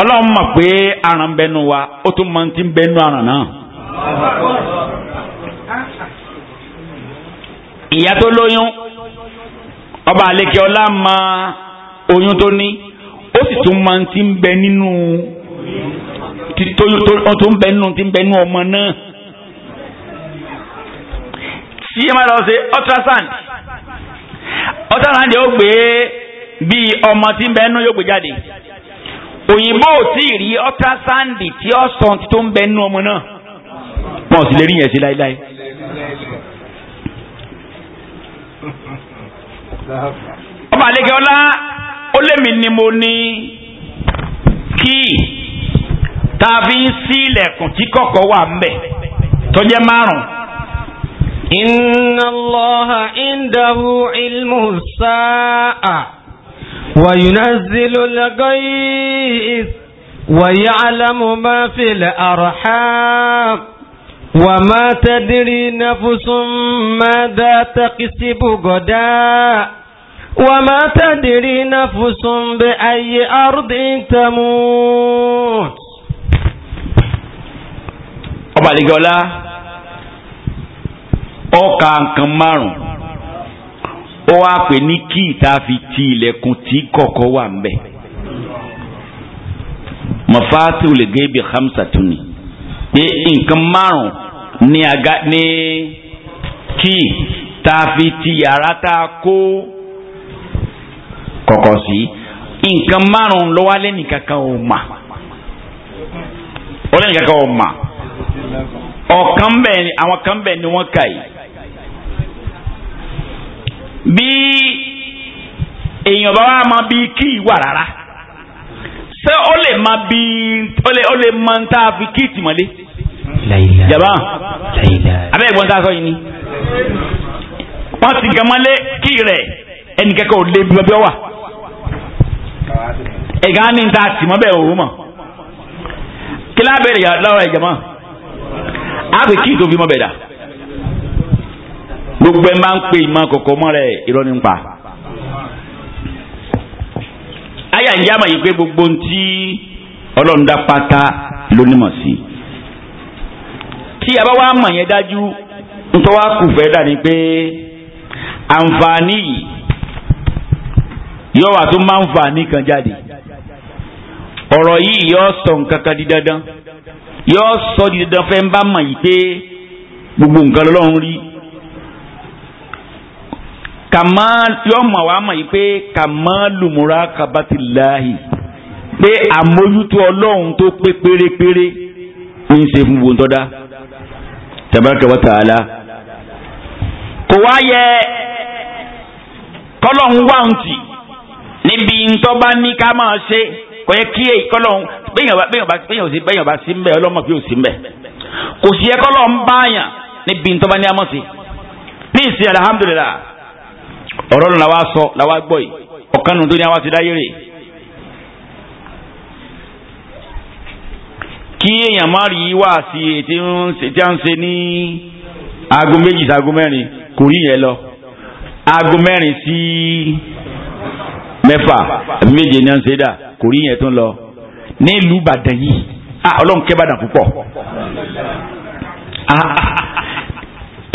ọlọ́run mọ̀ pé aràn bẹ wa ó tún ìyá tó lóyún ọba àlekè ọlá mọ oyún tó ní ó sì tún máa ti ń bẹ nínú tó ń bẹ nínú ti ń bẹ nínú ọmọ náà tí ẹ máa lọ ṣe ultrasound ultrasound yóò gbé bí ọmọ tí ń bẹ nínú yóò gbé jáde òyìnbó ò tí ì rí ultrasound tí ó tó ń bẹ nínú ọmọ náà wọn ò sì lè rí yẹn sí láéláé. ọba àlekẹ́ ọlá ó lémi ni mo ní kíì tá a fi ń sí ilẹ̀kùn tí kọ̀kọ́ wà ń bẹ̀ tó jẹ́ márùn-ún. إن الله عنده علم الساعة وينزل الغيث ويعلم ما في الأرحام وما تدري نفس ماذا تكسب غدا وما تدري نفس بأي أرض تموت ọba àlejòọlá ọkà nǹkan márùn ó wá pè ní kí ìta fi ti ilẹ̀kùn tí kọ̀kọ́ wà ń bẹ̀ mọ̀fá tí o lè gé ibi hamsa tún ni pé nǹkan márùn Ni aga ni kí tá fi ti yàrá tá a kó kọ̀kọ̀ sí nǹkan márùn-ún lọ́wọ́ alẹ́ nìkan kan ò mà ọlẹ́ nìkan kan ò mà ọ̀kan bẹ́ẹ̀ àwọn kan bẹ́ẹ̀ ni wọ́n kà yìí bí èèyàn bá wà máa bí kí ìwà rárá ṣé ó lè máa bí ó lè máa ń tá a fi kí ìtìmọ́lé. jaba abẹ́ ìgbọ́n tá a sọ yìí ni wọ́n ti gamalé kí rẹ̀ ẹnì kẹ́kọ̀ọ́ lé bí ọbẹ̀ wà ẹ̀gá ni ta tì mọ́ bẹ́ẹ̀ òun mọ̀ kí lábẹ́rẹ̀ yà lọ́rọ̀ ìjàmọ́ àbí kí tó fi mọ́ bẹ̀ dà gbogbo ẹ̀ máa ń pè ìmọ̀ kọ̀kọ́ mọ́ rẹ̀ irọ́ ní pa àyà ń yá yìí pé gbogbo ntí ọlọ́run dá pátá lónìí mọ̀ sí i tí a bá wá mọ̀ yẹn dájú nítorí wá kù fẹ́ dà ní pé àǹfààní yìí yóò wà tó máa ń fà ní kan jáde ọ̀rọ̀ yìí yóò sọ nǹkan kan di dandan yóò sọ di dandan fẹ́ ń bá mọ̀ yìí pé gbogbo nǹkan lọ́lọ́run rí kàmá yóò mọ̀ wá mọ̀ yìí pé kàmá lùmúra kabatilahi pé àmójútó ọlọ́run tó pé pérépéré ń ṣe fún gbogbo ń tọ́ da tabaraka wa ta'ala kò wá yẹ kọ́lọ́hún wà ń tì níbi ntọ́ba ní ká máa ṣe kò yẹ kí èyí kọ́lọ́hún bẹ́yìn ọba sí ń bẹ̀ ọlọ́mọ pé ò sí ń bẹ̀ kò sí yẹ kọ́lọ́hún báyàn níbi ntọ́ba ní amọ̀ sí ní ìsìn alhamdulilah ọ̀rọ̀ ló la wá sọ la wá gbọ́ yìí ọ̀kan nù tó ní àwa ti dá kí èèyàn má rí wá sí ètí tí a ń ṣe ní aago méjì sí aago mẹ́rin kò rí yẹn lọ aago mẹ́rin sí mẹ́fà méje ni a ń ṣe dà kò rí yẹn tó ń lọ nílùú Ìbàdàn yìí ọlọ́run kẹ́ Ìbàdàn púpọ̀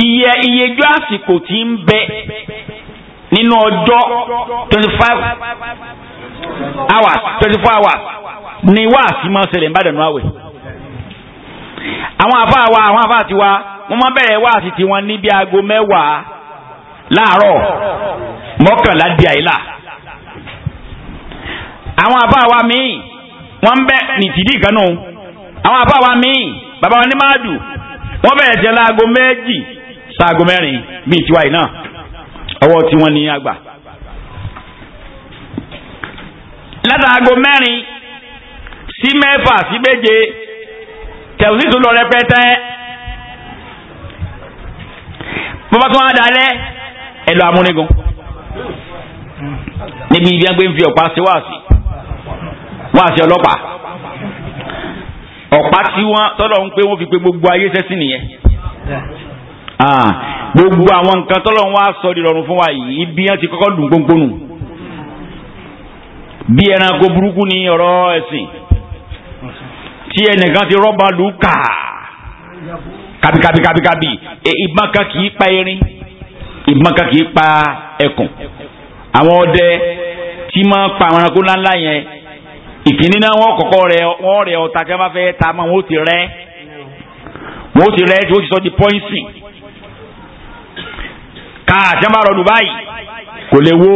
iye iyejọ àsìkò tí ń bẹ nínú ọjọ́ twenty five hours twenty four hours ni wáàsí máa ń ṣẹlẹ̀ ń bá dànù àwẹ̀ àwọn àfáà wa àwọn àfáà tiwa wọ́n máa bẹ̀rẹ̀ wá àti tiwọn ní bí aago mẹ́wàá láàárọ̀ mọ́kànlá di àyílà àwọn àfáà wa míì wọ́n bẹ̀ ní tìdí kan nù àwọn àfáà wa míì bàbá wọn ní máa dù wọ́n bẹ̀rẹ̀ jẹ́ láago méjì sáago mẹ́rin bíi tiwa yìí náà ọwọ́ tiwọn ní àgbà látàgò mẹ́rin sí mẹ́fà sí méje tẹ̀wùsí tó lọ rẹpẹtẹ bọ́bá tó wá dalẹ̀ ẹ lọ amúnigun níbi ibi àgbẹ̀ ń fi ọ̀pá sí wáàsí wáàsí ọlọ́pàá ọ̀pá tí wọ́n tọ́lọ̀ ń pé wọ́n fi pé gbogbo ayé sẹ́sìn nìyẹn gbogbo àwọn nǹkan tọ́lọ̀ ń wá sọ di rọrùn fún wa yìí ibi yẹn ti kọ́kọ́ dùn gbóngbónù bí ẹranko burúkú ni ọ̀rọ̀ ẹ̀sìn tí ẹnìkan ti rọ́bà lù kà kàbíkàbíkàbíkàbí e, ìbọn kan kì í pa erin ìbọn kan kì í pa ẹkùn àwọn ọdẹ tí máa pa àwọn ẹranko ńláńlá yẹn ìkíní náà wọn kọ́kọ́ rẹ wọn rẹ ọta tí wọn bá fẹ́ ta mọ wọn ó ti rẹ wọn ó ti rẹ tí wọn ti sọ di pọ́ìsì káà tí wọn bá rọlù báyìí kò lè wo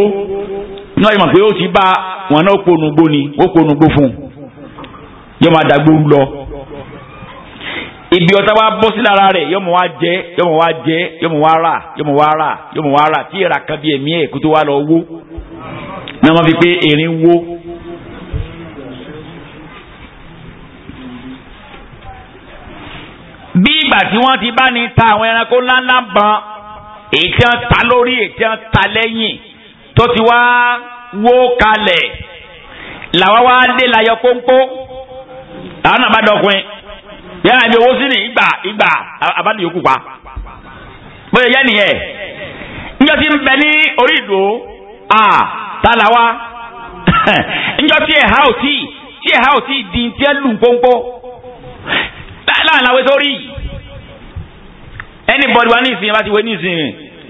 náà mọ̀ pé ó ti bá wọn náà kó onugbó ni ó kó onugbó fún un yóò máa dàgbòrú lọ ibi ọ̀tá wa bọ́ sí lára rẹ̀ yóò mọ̀ wá jẹ yóò mọ̀ wá jẹ yóò mọ̀ wá rà yóò mọ̀ wá rà yóò mọ̀ wá rà tí ìrà kan bí ẹ̀mí ẹ̀ kó tó wá lọ wó náà wọ́n fi pé erin wó. bí ìgbà tí wọ́n ti bá ní ta àwọn ẹranko ńláńlá ban èyí tí wọ́n ta lórí èyí tí wọ́n ta lẹ́yìn tó ti wá wó kalẹ̀ làwa wá lé layọ kónkó àwọn náà bá dọkùnrin yàrá ibi owó sí ni ìgbà ìgbà àbádìyókù pa bóyá yẹ nìyẹn njọ ti ń bẹ ní orí ìdò a ta la wa njọ ti ẹ̀ha ò tí tí ẹ̀ha ò tí di tí ẹ lù pọ́npọ́ láàrin àwọn sórí anybody wa ní ìsìn bá ti wé ní ìsìn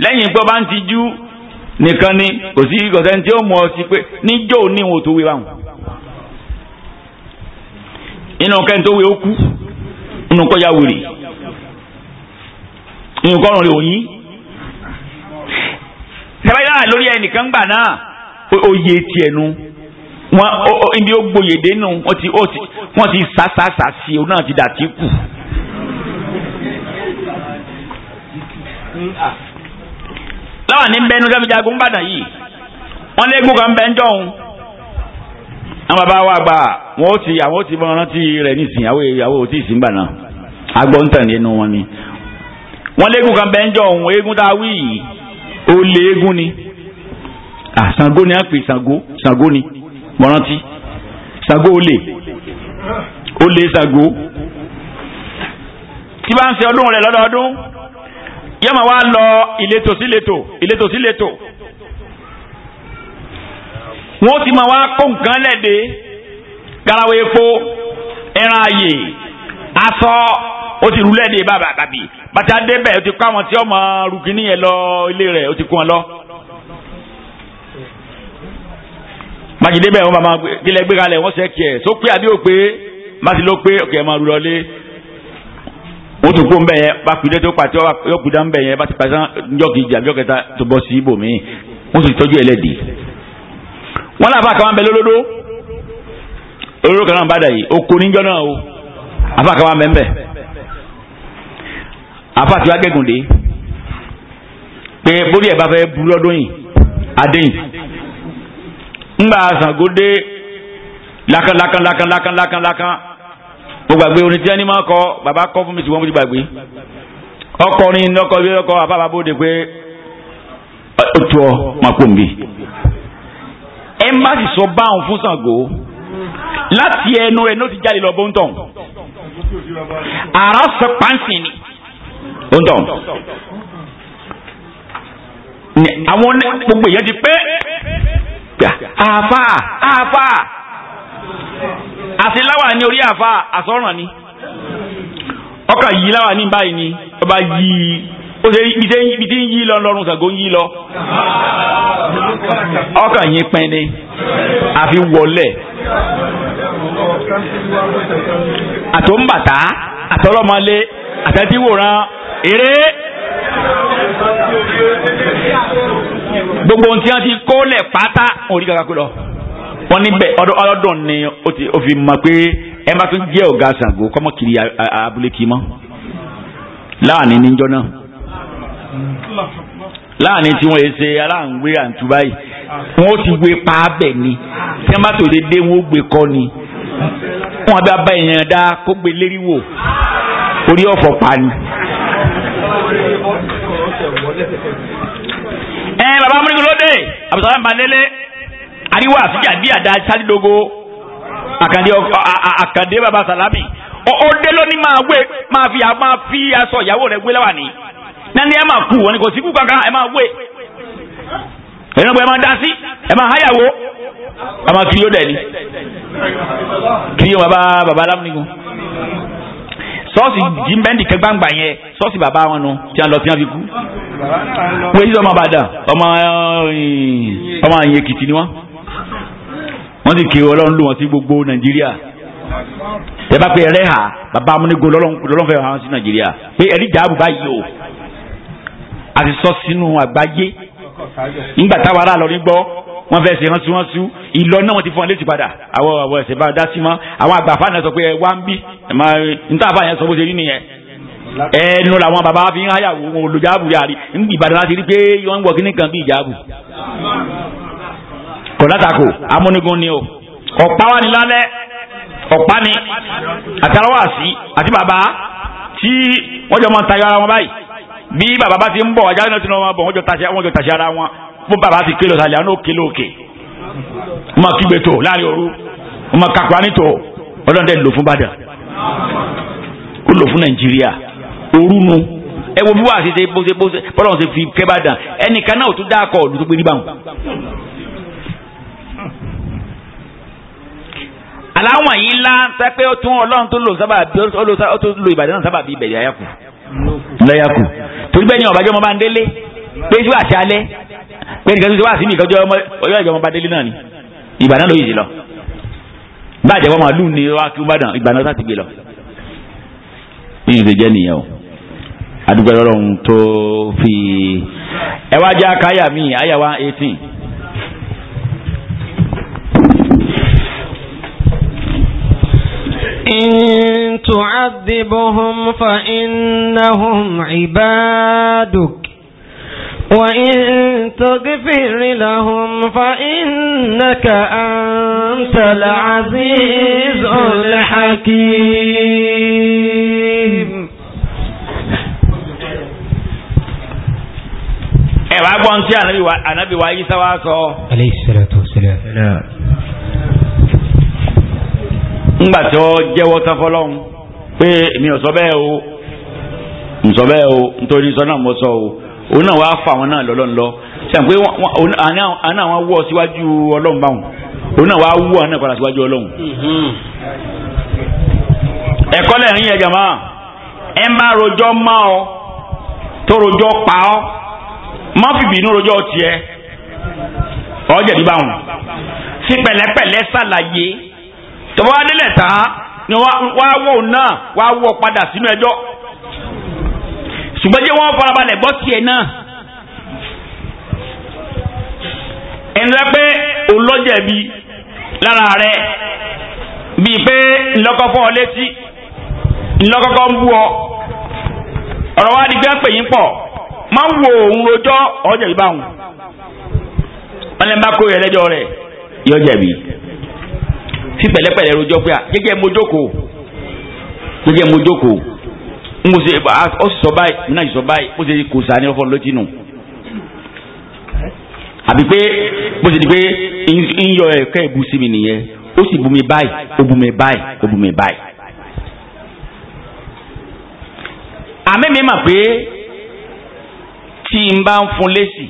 lẹ́yìn pé ọba ń tijú nìkan ni kò sí kọ̀sẹ́ni tí ó mọ̀ ọ́ sí pé níjó ní ìwọ̀n tó wé báwọn inú kẹ́ni tó wé ó kú inú kọjá wèrè inú kọ́rùn rẹ̀ òyìn. sẹ́fẹ́yà lórí ẹnìkan gbà náà oyè tiẹ̀ nu wọn ibi ó gboyè dé nù wọ́n ti sàṣàṣà sí i náà ti dà tí kù. láwọn ní bẹ́ẹ̀ ní sẹ́fẹ́yà gbọ́ngbàdàn yìí wọ́n lé gbọ́ngàn bẹ́ẹ̀ ń jọ̀hún àwọn bàbá wa gbà wọn ó ti àwọn ó ti mọ rántí rẹ̀ nísìnyí àwọn ìyàwó tí ìsìn gbà náà agbọ́ntàn nínú wọn ni. wọ́n léegun kan bẹ́ẹ̀ ń jọ òun eégún tá a wí yìí ó lé eégún ni Ṣàngó ni a pè Ṣàngó Ṣàngó ni mo rántí Ṣàngó ó lè ó lè Ṣàngó tí bá ń ṣe ọdún rẹ̀ lọ́dọọdún yẹ́n máa wá lọ ìletò sí ìletò ìletò sí ìletò wọ́n ti máa wá kó nǹkan lẹ́dẹ̀ garawo epo ẹran ààyè aṣọ ó ti rú lẹ́dẹ̀ bàbà bàbí bàtà débẹ̀ ó ti kó àwọn tí ọmọ rúgìní yẹn lọ ilé rẹ̀ ó ti kó wọn lọ. májèlé bẹ́ẹ̀ wọ́n bá máa gbélé gbé kalẹ̀ wọ́n sẹ́kì ẹ̀ só pé àbí ò pé má ló pé ọ̀kẹ́ máa rú lọlé ó tún kó ń bẹ̀ yẹn bá pìlẹ̀ tó pàtẹ́ yọkùdá ń bẹ̀ yẹn bá ti pàṣẹ ńjọ́ kejì àbí ọ̀kẹta tó bọ́ sí ibòmíì wọ́n sì tọ́jú ẹlẹ́dìí wọ́n làbá kan wá bẹ lólódó olóró kan náà bá dà yìí oko níjọ́ náà o àfa kan wá bẹ nbẹ àfa tí wàá gẹ́gùn dé pé bórí ẹ̀ bá fẹ́ burú lọ́dún yìí adéyìn ńgbà sàgódé lakan lakan lakan lakan lakan lakan mo gbàgbé orin ẹni máa kọ bàbá kọ fún mi tí wọ́n ti gbàgbé ọkọrin lọkọ bí ọkọ àbábàbò de pé ó máa kó mi ẹ má sì sọ báwọn fún Ṣàngó láti ẹnu rẹ̀ ní ó ti jáde lọ bóńtọ̀ àrà sọ pàǹsì ni bóńtọ̀ àwọn gbogbo èèyàn ti pé àfà àfà àti láwà ní orí àfà àsọ̀ràn ni ọkà yìí láwà ní báyìí ni ọba yìí ó ṣe ibi tí ń yí lọ lọ́rùn Ṣàngó ń yí lọ. ọkàn yín pin ni àfi wọlé. àtòǹbàtà àtọ́lọ́mọlé àtẹ̀tíwòrán eré. gbogbo ohun tí wọ́n ti kó lẹ̀ pátá òun rí kàkà kú lọ. wọ́n níbẹ̀ ọdún ni ó fi mọ̀ pé ẹ má tún jẹ́ ọ̀gá Ṣàngó kọ́mọ́kiri abúlé kì í mọ́ láàánú níjọ́ náà láàrin tí wọ́n yé ṣe aláǹgbé àǹtúbá yìí wọ́n ti gbé pa abẹ ni tí wọ́n bá tó dédé wọ́n gbé kọ́ ni wọ́n bá bá èèyàn dá kó gbé lérí wò orí ọ̀fọ̀ pa ni. ẹ bàbá múlíkù lóde àbùsọ̀rọ̀ màdélé àríwá àfíjà bí àdá sádìdógó àkàndé àkàndé bàbá sàlámì ó dé lónìí máa wé máa fi àgbà fi aṣọ ìyàwó rẹ̀ gbé láwà ni nani ẹ máa kú wọn ni kò sí kú kankan ẹ máa wé ẹnu pé ẹ máa dá sí ẹ máa háyàwó ẹ máa kiri yóò dẹ̀ ni kiri yóò bàbá bàbá alámúnigun sọ́ọ̀sì jimbendi kẹgbàǹgbà yẹn sọ́ọ̀sì bàbá wọn nu tí wọn lọ tí wọn fi kú wọ́n yí ọmọ àbàdàn ọmọ eh, ọmọ àyìn èkìtì ni wọ́n wọ́n sì kiri ọlọ́run lù wọ́n sí gbogbo nàìjíríà tẹ́ bá pé ẹrẹ́ hà bàbá amúnigun lọ́lọ́fẹ́ hàn sí nàìjíríà pé ẹ̀rí jàábù báyìí o àti sọ sínú àgbáyé nígbà táwọn ará lọ rí gbọ́ wọ́n fẹ́ ṣe rántí wọ́n sú ìlọ náà wọ́n ti fún wọn létí padà àwọn àwọn ẹ̀sẹ̀ bá dá sí mọ́ àwọn àgbàfà náà sọ pé ẹ wá ń bí níta àfà yẹn sọ bó ṣe rí nìyẹn ẹnu làwọn bàbá fi ń háyàwó wọn olùjáàbù yàrá Ìbàdàn láti rí pé wọ́n ń wọ kíní kan bí ìjáàbù kọ̀dátàkù amúnigún ni o ọ̀pá wa ni lálẹ́ ọ̀pá ni àtàwọn àṣì àti bàbá tí wọ́n jọ máa ń tayọ ara wọn báyìí bí bàbá bá ti ń bọ̀ ajá náà ti náà bọ̀ wọ́n jọ tàṣẹ wọ́n jọ tàṣẹ ara wọn fún bàbá ti kélo sàlẹ̀ àná òkè lókè wọ́n máa kígbe tó láàrin òru wọ́n máa kakura nítò ọlọ́dẹ lò fún Ìbàdàn ó lò fún Nàìjíríà òru nu ẹ wo bí wàá ṣe ṣe bó ṣe bó ṣe bọ́lá wọn ṣe fi kẹ́ Ìbàdàn ẹnìkan náà ò tún dáàkọ̀ ọ̀dùn tó gbé níbàwọ̀n. aláwọ̀ yìí ńlá ń sẹ́ pé ó tún Ọlọ́run tó lò sábà ó tún lò Ìbàdàn náà ìbẹ̀rẹ̀ ayá lọ́yàkù torí bẹ́ẹ̀ ni ọ̀bájọ́ ọmọ bá ń délé pé sí wàásí alẹ́ pé nìkan tó ti wá sí nìkan jọ ọyọ́ ìjọba bá délé náà ni ìbàdàn lóyè sí lọ báàjẹ́ wọn màálù ni wá kí ìbàdàn ìbàdàn tá ti gbé lọ. ìyẹn jẹ́ nìyẹn o adúgbò ọlọ́run tó fi ẹ wá já míì àyà one إن تعذبهم فإنهم عبادك وإن تغفر لهم فإنك أنت العزيز الحكيم ẹ̀wà gbọ́n tí ànábìwá yìí sáwá sọ. aleyhi salatu wa salam. ńgbà tí ó jẹ́wọ́ tán fọlọ́hún pé èmi ò sọ bẹ́ẹ̀ o n sọ bẹ́ẹ̀ o nítorí sọ náà mo sọ o òun náà wàá fà wọn náà lọ́lọ́n lọ sàn pé àná àwọn wọ̀ síwájú ọlọ́run báwọn òun náà wàá wọ̀ àná padà síwájú ọlọ́run. ẹ̀kọ́ lẹ́rìn yẹn jàmá ẹ̀ ń bá rojọ́ mọ́ ọ tó rojọ́ pa ọ́ má fi bínú rojọ́ tiẹ̀ ọ́ jẹ̀bi báwọn fi pẹ̀lẹ́pẹ̀lẹ́ ṣàlàyé. tọ́wọ́ adélẹ̀ tá ni wọ́n á wọ̀ náà wọ́n wọ̀ padà sínú ẹjọ́ ṣùgbọ́n jẹ́ wọ́n farabalẹ̀ gbọ́ tiẹ̀ náà pé òǹlọ́jẹ̀ bi lára rẹ bíi pé ńlọ́kọ́fọ́ ọ létí ńlọ́kọ́kọ́ ń bú ọ ọ̀rọ̀ wa di gbẹ́ yín pọ̀ máa ń wo òun ọ̀jẹ̀ báwọn fi pẹ̀lẹ́pẹ̀lẹ́ rojọ́ pé à jẹ́jẹ́ mo jókòó jẹ́jẹ́ mo jókòó n kò ba, ọ sì sọ báyìí mi náà sì sọ báyìí bó ṣe kò sá ní ọfọ lójú nù àbí pé bó ṣe di pé ń yọ ẹ̀kọ́ ẹ̀bù sí mi nìyẹn ó sì bú mi báyìí ó bú mi báyìí ó bú mi báyìí. àmì mi mà pé tí n bá ń fún lésì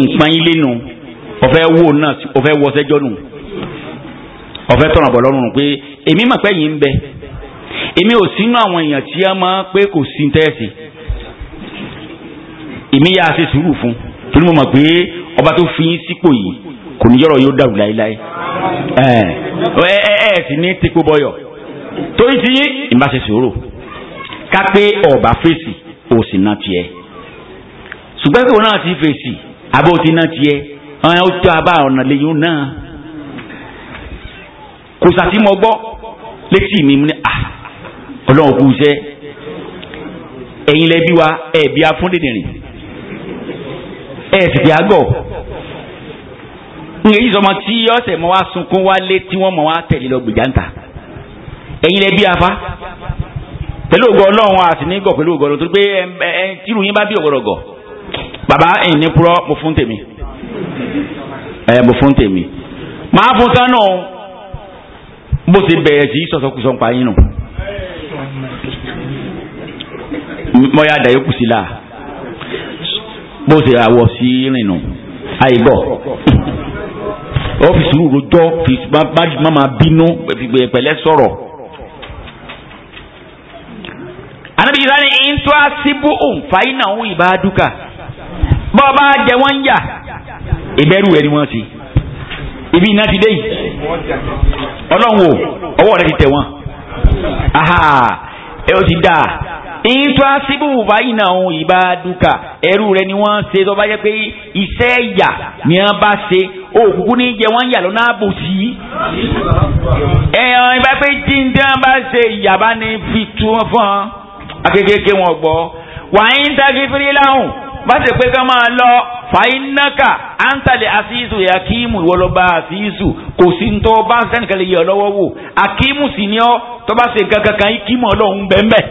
nǹkan ilé nu ọ̀fẹ́ wo náà ọ̀fẹ́ wọ nù. ọ̀fẹ́ tọ̀nà bọ̀ lọ́rùn pé èmi mà pẹ yìí ń bẹ èmi ò sínú àwọn èèyàn tí a máa pé kò sí tẹ́ẹ̀sì èmi yà á ṣe sùúrù fún torí mo mọ̀ pé ọba tó fi yín sípò yìí kò ní yọ̀rọ̀ yóò dàrú láéláé ẹ ẹ ẹ sì ní tepo bọyọ̀ torí ti yín ìbá ṣe sùúrù ká pé ọba fèsì ò sì ná tiẹ̀ ṣùgbọ́n pé òun náà ti fèsì àbó ti ná tiẹ̀ ọ̀hún ó abá ọ̀nà lẹ́yìn náà kò sàtì mọ gbọ́ létí mi ní à ah, ọlọ́run kù sẹ́ ẹ̀yin lẹ́bí wa ẹ̀ bí a fún dèdèrìn ẹ̀ tètè àgọ̀ ń èyí sọmọ tí ọ̀sẹ̀ mọ wá sunkún wálé tí wọ́n mọ wá tẹ̀lé lọ gbèjà ń ta ẹ̀yin lẹ́bí afa pẹ̀lú ògo ọlọ́run àti nígọ̀ pẹ̀lú ògo ọlọ́run pé ẹ ẹ tìrù yín bá bí ọ̀gọ̀rọ̀gọ̀ bàbá ẹ̀yin ní purọ́ mo fún tèmi ẹ̀ mo fún tèmi màá fún sánú bó ti bẹ̀rẹ̀ sí sọ̀sọ̀kùsọ̀ ń pa yín nù mọ́yá àdàyókù sí la bó ti àwọ̀ sí rìn nù àìbọ̀ ọ́fíìsì rúrojọ́ má máa bínú pẹ̀lẹ́ sọ̀rọ̀. anabi yìí lánàá ẹ̀yìn tó a síbú òun fàáyín náà òun ìbá dúkà bọ́ọ̀ bá jẹ wọ́n ń yà ìbẹ́rù ẹ̀ ni wọ́n ti ibi iná ti dé yìí ọlọ́run o ọwọ́ rẹ ti tẹ̀ wọ́n aha ẹ o ti da intrasibu báyìí náà òun ìbá dúkà ẹrú rẹ ni wọ́n ṣe tó bá jẹ́ pé iṣẹ́ ìyà ni wọ́n bá ṣe òkùnkù ní jẹ wọ́n ń yà lọ́nà àbòsí. ẹ̀yàn ìbá pé jíǹde wọn bá ṣe ìyàbá ni fi tu fún wọn akékèké wọn gbọ́ wàá ń tagi firi láhùn má ṣe pé ká máa lọ fàínàkà àǹtàlẹ̀ àṣìṣù ẹ̀ akíìmù ìwọlọ́ba àṣìṣù kò sí ní tó bá ń yẹ ọ lọ́wọ́ wò akíìmù sì ni ọ tó bá ṣe nǹkan kankan ikíìmù ọlọ́run bẹ́ẹ̀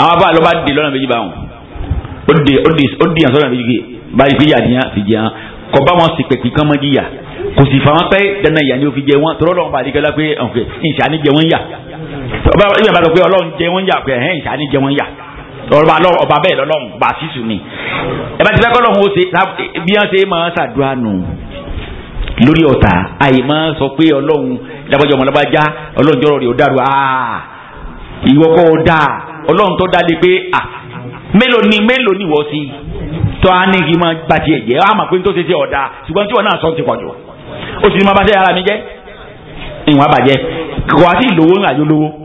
àwọn abá lọ́ba dè lọ́nà méjì báwọn ó dè ó dè ó dè yàn sọ́nà méjì báyìí fi yà ní yàn fi jẹ́ yàn kọ́ bá wọn sì pèpè kán mọ́ jìyà kò sì fà wọn pé dandan ìyà ni ó fi jẹ wọn tọ́lọ́lọ́wọ́n bá àdìgẹ́lá pé ọ̀kẹ́ ìṣàní jẹ wọn yà ọba ìgbà bá sọ pé ọlọ́run jẹ wọ́n yà pé ẹ̀hẹ́n ìṣá ni jẹ wọ́n yà ọba ọba bẹ́ẹ̀ lọ́lọ́run bá sísù ni ẹ bá ti fẹ́ kọ́lọ́run ó ṣe bí wọ́n ṣe máa ṣàdúrà nù lórí ọ̀tá àyè máa sọ pé ọlọ́run ìdábọ̀jọ́ ọmọlábàjá ọlọ́run jọ̀rọ̀ rẹ̀ ó dàrú àá ìwọ kọ́ ọ dáa ọlọ́run tó dáa lé pé à mélòó ni mélòó ni wọ́n sí tó a ní kí n máa bá tiẹ̀ jẹ́ àmọ́ pé n tó ṣe ṣe ọ̀dà ṣùgbọ́n tí wọ́n náà sọ ti pọ̀ jù ó sì ní máa bá ṣe ara mi jẹ́ ìwọ̀n àbàjẹ́ kò wá sí ìlówó ńlá yóò lówó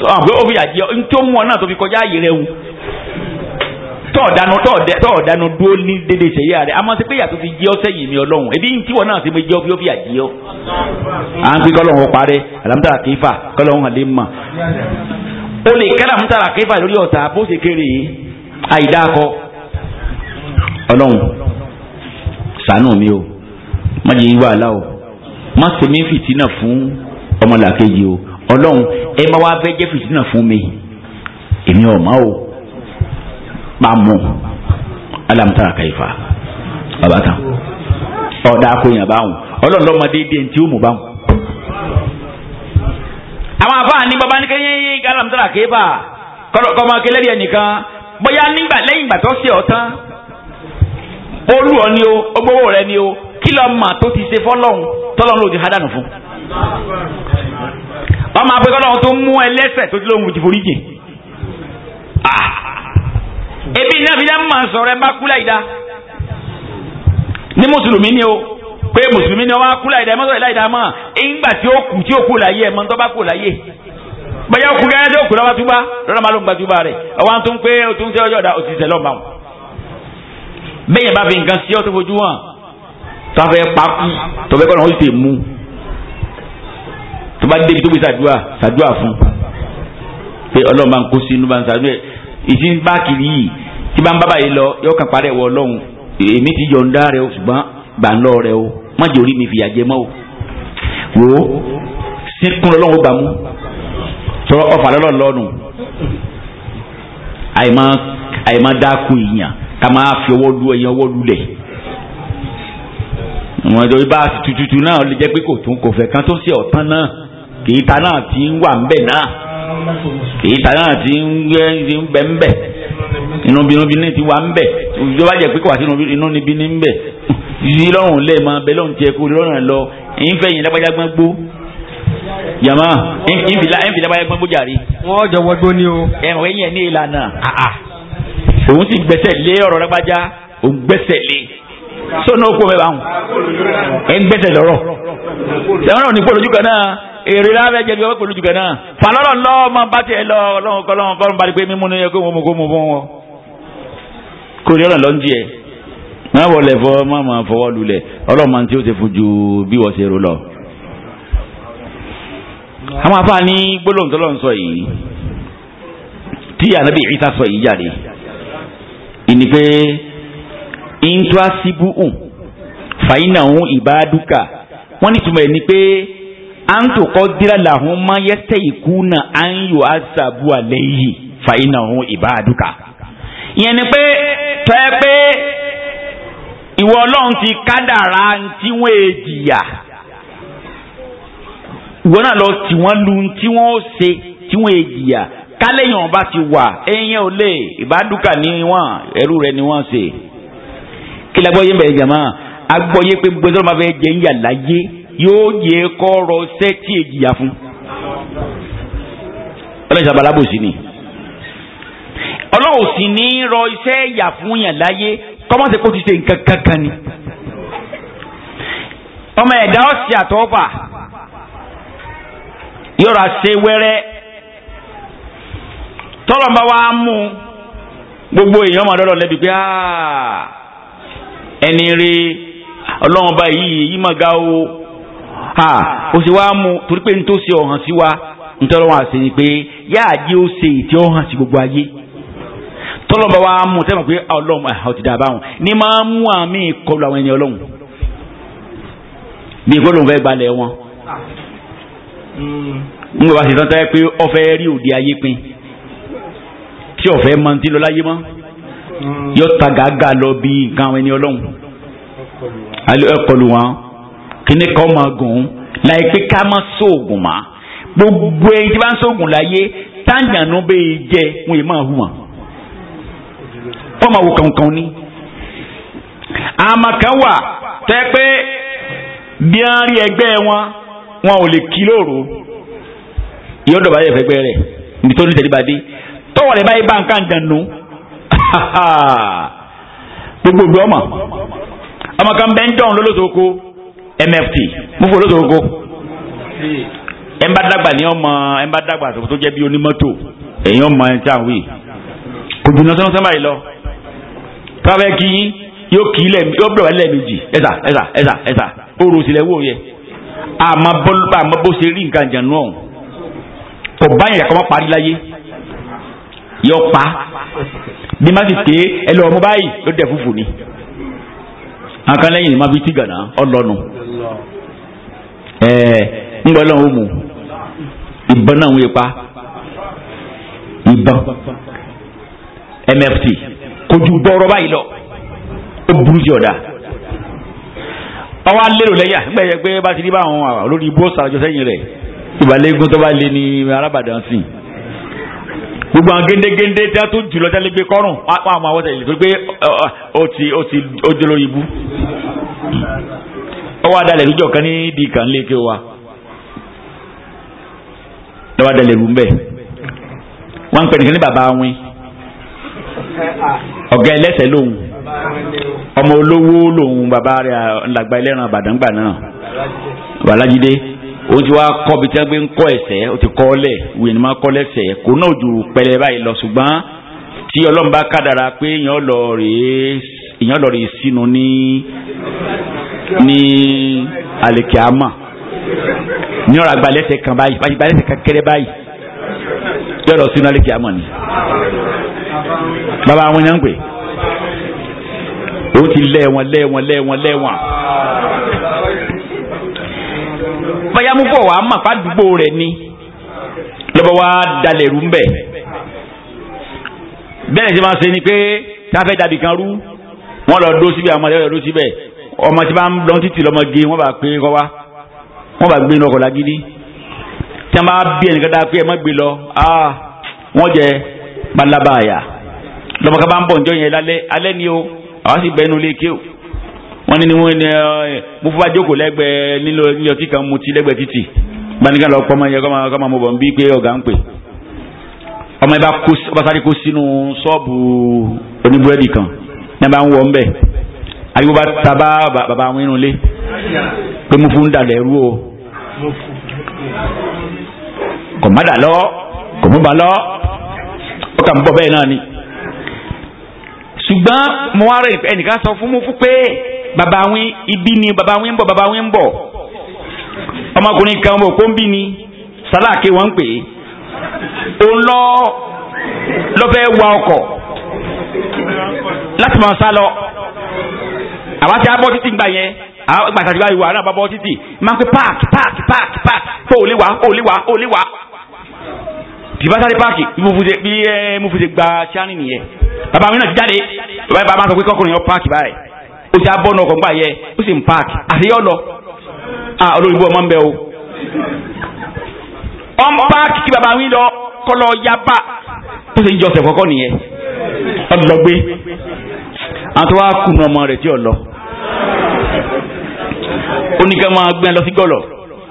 pé ó fi àjẹ ntó mú ọ náà tó fi kọjá àyè rẹ wù tọ̀ọ̀dánù tọ̀ọ̀dánù dúró ní dédé ìṣẹ̀yà rẹ̀ àmọ́ sí pé yàtọ̀ fi jẹ́ ọ́ sẹ́yìn mi ọlọ́run ebi ń tíwọ́ náà sí mi jẹ́ ọ́ fi ó fi àjẹ́ ọ́ à ń pín kọ́lọ́hún parẹ́ àlámútàrà kéfà kọ́lọ́hún àlè mọ̀ o lè kẹ́lá àlámútàrà kéfà lórí ọ̀tá bó ṣe kéré àìdáàkọ ọlọ́run ṣàánú mi o má jẹ́ ìwà àlá o má ṣe mí fìtínà fún ọmọlàkejì o ọlọ́run ẹ máa wá fẹ́ jẹ́ fìtínà fún mi èmi ò má o bá mú alamtara kaifa bàbá kan ọ̀dà akóyàn báwọn ọlọ́run lọ́mọdé díẹ̀ tí ó mú báwọn. àwọn afáà ní bàbá nìkan yẹn alamtara kaifa kọ́mọ akẹ́lẹ́rì ẹnìkan bóyá nígbà lẹ́yìn ìgbà tó ṣe ọ̀tán olú ọ ni o ogbówó rẹ ni o kí lọ́ọ́ mà tó ti ṣe fọ́lọ́hún tọ́lọ́hún ló ti hádànù fún ọmọ abẹ́ kọ́lọ́hún tó mú ẹlẹ́sẹ̀ tó ti lóhun ti forí jìn. ebi náà fi dá mọ̀ sọ̀rọ̀ ẹ bá kú láì dá ní mùsùlùmí ni o pé mùsùlùmí ni wọ́n á kú láì dá ẹ mọ́tò láì dá mọ́ ìgbà tí ó kù tí ó kú láyé ẹ mọ́ tó bá kú láyé bẹ́ẹ̀ yóò kú gẹ́gẹ́ tí ó kú lọ́wọ́ túbá lọ́nà máa ló ń gba túbá rẹ̀ ọwọ́ tó ń pé o tó ń sẹ́ ọjọ́ ọ̀dà òṣìṣẹ́ lọ́ọ̀ bá wọn. bẹ́ẹ̀ a fẹ́ pa kú tó fẹ́ tó bá débi tó gbé sàdúà sàdúà fún pé ọlọ́run bá ń kó sínú bá ń sàdúà ìsín báàkì yìí tí bá ń bábà yìí lọ yóò kàn parẹ́ wọ ọlọ́run èmi ti yọ̀ǹda rẹ o ṣùgbọ́n gbà ń lọ rẹ o má jẹ́ orí mi fìyà jẹ mọ́ o wò ó sínkún ọlọ́run ó gbà mú tọrọ ọfà lọ́lọ́ lọ́nu àìmọ́ àìmọ́ dákun ìyàn ká máa fi ọwọ́ lu ẹ̀yàn ọwọ́ lulẹ̀ wọn jọ bá tututu náà lè jẹ́ pé kò tún kò fẹ́ kán tó ṣe ọ̀tán náà kìíta náà ti ń wà ńbẹ̀ náà kìíta náà ti ń bẹ ńbẹ̀ inú bínú bínú ti wà ńbẹ̀ tó bá jẹ́ pé kò wá sí inú níbí ní ńbẹ̀ yìí lọ́rùn lẹ̀ máa bẹ lọ́rùn tiẹ̀ kó lọ́rùn lọ ìfẹ́ yẹn lágbájá gbọ́n gbó yàmá ìfìlà ìfìlà bá yẹ gbọ́n gbó jàre. wọ́n jọ̀wọ́ gbó ni o. ẹ̀rọ ẹ̀yìn ẹ̀ ní ìlànà òun ti gbẹ́sẹ̀ lé ọ̀rọ̀ lágbájá òun gbẹ́sẹ̀ lé sọ́nà ó kó mẹ́wàá hùn ẹ̀ ń gbẹ́sẹ̀ lọ́rọ̀ sẹ́wọ́n náà ò ní pọ̀ lójú kan náà èrè lábẹ́ jẹ́ ìjọba pẹ̀lú jùgẹ̀ náà fàlọ́rọ̀ lọ́ máa bá tiẹ̀ lọ ọlọ́run kọ́ lọ́run kọ́run balẹ̀ pé mímú ni kó mú kó mú fún wọn. kò ní ọ̀rọ̀ lọ́ ń tiẹ̀ máa wọlé fọ máa máa fọwọ́ lulẹ̀ ọlọ́run máa ń tí ó ti fún ju bí wọ́n ṣe rò lọ. àwọn afáàní gbólóhùn tọ́lọ́ ń sọ yìí tí ànábì Ìsá sọ yìí jáde ìní pé intrasibu fàyínà òun wọ́n ní ẹ̀ ni pé an tuqaddira lahum ma yastayquna an yu'asabu alayhi fa innahu ibaduka ìyẹn ni pé tó yẹ pé ìwọ Ọlọ́run ti kádàrá tí wọ́n è e jìyà ìwọ náà lọ tí lu tí wọ́n ó ṣe tí wọ́n è e jìyà kálẹ̀yìn ti wà ẹ̀yìn ò lè ìbádùkà ní wọn ẹrú rẹ ni wọ́n ṣe kí la gbọ́ yé bẹ̀rẹ̀ jàmá agbọ́ yé pé gbẹ́sọ́rọ́ máa fẹ́ yóò yẹ kọ́rọ̀ sẹ́tì èjìyà fún. ọlọ́run ìṣàbà alábòsí ni ọlọ́run sì ní rọ iṣẹ́ ìyà fún yàn láyé kọ́mọ́sí kó ti ṣe nǹkan kankan ni. ọmọ ẹ̀dá ọ̀sẹ̀ àtọ́fà yọ̀rọ̀ àṣẹ wẹ́rẹ́ tọ́lọ̀ ń bá wa mú gbogbo èèyàn máa dọ́dọ̀ lẹ́bi pé ẹni rí ọlọ́run báyìí yìí máa ga o ó sì wá mú torí pé n tó ṣe ọ̀hàn sí wa n tọ́lọ́ wọn àṣẹ ni pé yáà jẹ́ ó ṣe ìtì ọ̀hàn sí gbogbo ayé tọ́lọ́mọba wa mú tẹ́lẹ̀ pé ah, ọlọ́run ọ̀tí ah, dàbà wọn ni máa mú àmì ìkọlù àwọn ẹni ọlọ́run ní ìkọlù fẹ́ gbalẹ̀ wọn. n kò bá ṣe tán tẹ́lẹ̀ pé ọ̀fẹ́ rí òde ayé pin tí ọ̀fẹ́ máa ń ti lọ láyé mọ́ yóò ta gàgà lọ bí nǹkan àwọn ẹni ọlọ́run ẹkọlù wọn kíní kan mọ̀ gùn láì pé ká má sóògùn mọ́ gbogbo ẹni tí bá ń sóògùn láyé táǹdàánú bẹ́ẹ̀ jẹ wọn yìí máa hù wọn. wọ́n máa wo kankan ni. àmọ́ kan wà tẹ́ pé bí wọ́n rí ẹgbẹ́ wọn wọn ò lè kí lóru ìyọ́dọ̀ bá yẹ fẹ́ gbẹ́ rẹ̀ níbi tó ní tẹ̀lé bá dé tọ́wọ́ rẹ̀ báyìí bá nǹkan dànù gbogbo ìgbọ́ ọmọ ọmọ kan bẹ́ẹ̀ ń dọ̀rùn lólótókó mft mo fò lóso koko ẹ ń bá dàgbà ní ọmọ ẹ ń bá dàgbà tó jẹ́ bí onímọ́tò èyàn ọmọ ẹ ń tà wí kò jùlọ sọ́nà sọ́nà báyìí lọ káfẹ́ kí yín yóò kì í lẹ̀ yóò bẹ̀rẹ̀ lẹ́ẹ̀mejì ẹ̀sà ẹ̀sà ẹ̀sà ẹ̀sà oòrò òsìlẹ̀ wò yẹ àmọ́ bọ́lúbà àmọ́ bó ṣe rí nǹkan jẹ̀nu ọ̀hún kò báyìí kàkọ́ mọ́ parí láyé yọ pa bí má sì té ẹ lọ́ọ́ mú báyìí ló dẹ̀ fúfù ni àkànlẹ́yìn má fi tí gànà ọlọ́nu ẹ̀ẹ́ ńgbọ́ lọ́hùn ó mú ìbọn náà ń pa ìbọn mft kò ju bọ́ọ̀rọ̀ báyìí lọ ó burú jù ọ̀dà ọwọ́ alérò lẹ́yà gbẹ̀yẹ pé bá ti rí báwọn olórí ibú ọ̀sán àjọ sẹ́yìn rẹ̀ ìbàlẹ́gùn tó bá lé ní arábàdàn sí i gbogbo àwọn géńdégéńdé tí a tó jùlọ tẹ́lẹ̀ gbé kọ́rùn wọn àwọn àwọn tẹ̀lé tó gbé ó ti ó ti ó dé lórí ibú ọwọ́ adalẹ̀ lójọ́ kan ní di kan lé kí o wa lọ́wọ́ adalẹ̀ lù ń bẹ̀ wọ́n ń pè nìkan ní bàbá wín ọ̀gá ẹlẹ́sẹ̀ lòun ọmọ olówó lòun bàbá rẹ̀ làgbà ẹlẹ́ran àbàdàngbà náà bàlájídé òun ti wá kọ́ bi tí wọ́n gbé ń kọ́ ẹ̀sẹ̀ ó ti kọ́ lẹ̀ wíyẹn ni wọ́n kọ́ lẹ́sẹ̀ kò náà ju pẹlẹ báyìí lọ ṣùgbọ́n tí ọlọ́run bá kádàrà pé yẹn lọ ìyẹn lọ́ọ́ rí sínú ní ní alìkíámà ní ọ̀rọ̀ agbalẹ́sẹ̀ kan báyìí agbalẹ́sẹ̀ kan kéré báyìí yọ̀rọ̀ sínú alìkíámà ni bàbá wọn yẹn ń pè òun ti lẹ́wọ̀n lẹ́wọ̀n lẹ́wọ̀n lẹ́wọ̀n bayamufọ wa ama fa dugbo rẹ̀ ni lọbọ wa dalẹ̀ rú mbẹ bẹ́ẹ̀ ni sẹ ma se ni pé tafẹ́ kan rú wọ́n lọ dó síbẹ̀ àwọn ọmọdé lọ dó síbẹ̀ ọmọ tí bá ń lọ títì lọ́mọge wọ́n bá pé kọ́ wá wọ́n bá gbé lọ́kọ̀ lágídí tí wọ́n bá bí ẹnìkan dáa pé ẹ má gbé lọ wọ́n jẹ balaba àyà lọ́mọkà bá ń bọ̀ njọ́ yẹn lálẹ́ alẹ́ ni o àwa sì bẹ́ẹ̀ nu ilé ké o wọ́n ní ni wọ́n ní ẹ mo fún wa jókòó lẹ́gbẹ̀ẹ́ nílò nílò tí kan mu ti lẹ́gbẹ̀ẹ́ títì gbanika lọ pọ́ ọmọ yẹn kọ́ ọmọ mo bá sáré kó sínú ṣọ́ọ̀bù oníbúrẹ́dì kan ní a bá ń wọ ńbẹ ayuba taba baba àwọn irun lé pé mo fún dàlẹ́ rú o kò má dà lọ kò mú ba lọ ó kà ń bọ̀ bẹ́ẹ̀ náà ni ṣùgbọ́n mo wá rẹ̀ ẹnìkan sọ fún mi fún pé baba àwọn ibi ni baba àwọn bọ̀ baba àwọn bọ̀ ọmọkùnrin kan bò kó ń bí ni sálàkè wọ́n ń pè é òun lọ lọ́fẹ́ wa ọkọ̀ láti máa sá lọ àwa ti abọ́ títì gbà yẹn àwọn gbàtà tí wàá wà náà bá bọ́ títì máa ń pè páàkì páàkì páàkì páàkì pé ò lè wá ò lè wá ò lè wá tìbátàrí páàkì bí mo fi ṣe gba tíánì nìyẹn bàbá mi náà ti jáde bàbá bàbá sọ pé kọkùnrin yọ páàkì báyìí ó ti abọ́ náà kọ̀ǹgbà yẹ ó sì ń páàkì àṣeyọ́ lọ olórí ibú ọmọ ń bẹ o ọ̀n páàkì kí bàbá mi lọ kọ́ lọ yaba tó ṣe ń jọ ọ̀sẹ̀ kọ́kọ́ nìyẹn ọlọgbé àwọn tó wá kùnà ọmọ rẹ̀ tí ò lọ oníkà máa gbẹ́ lọ sí gọ́lọ̀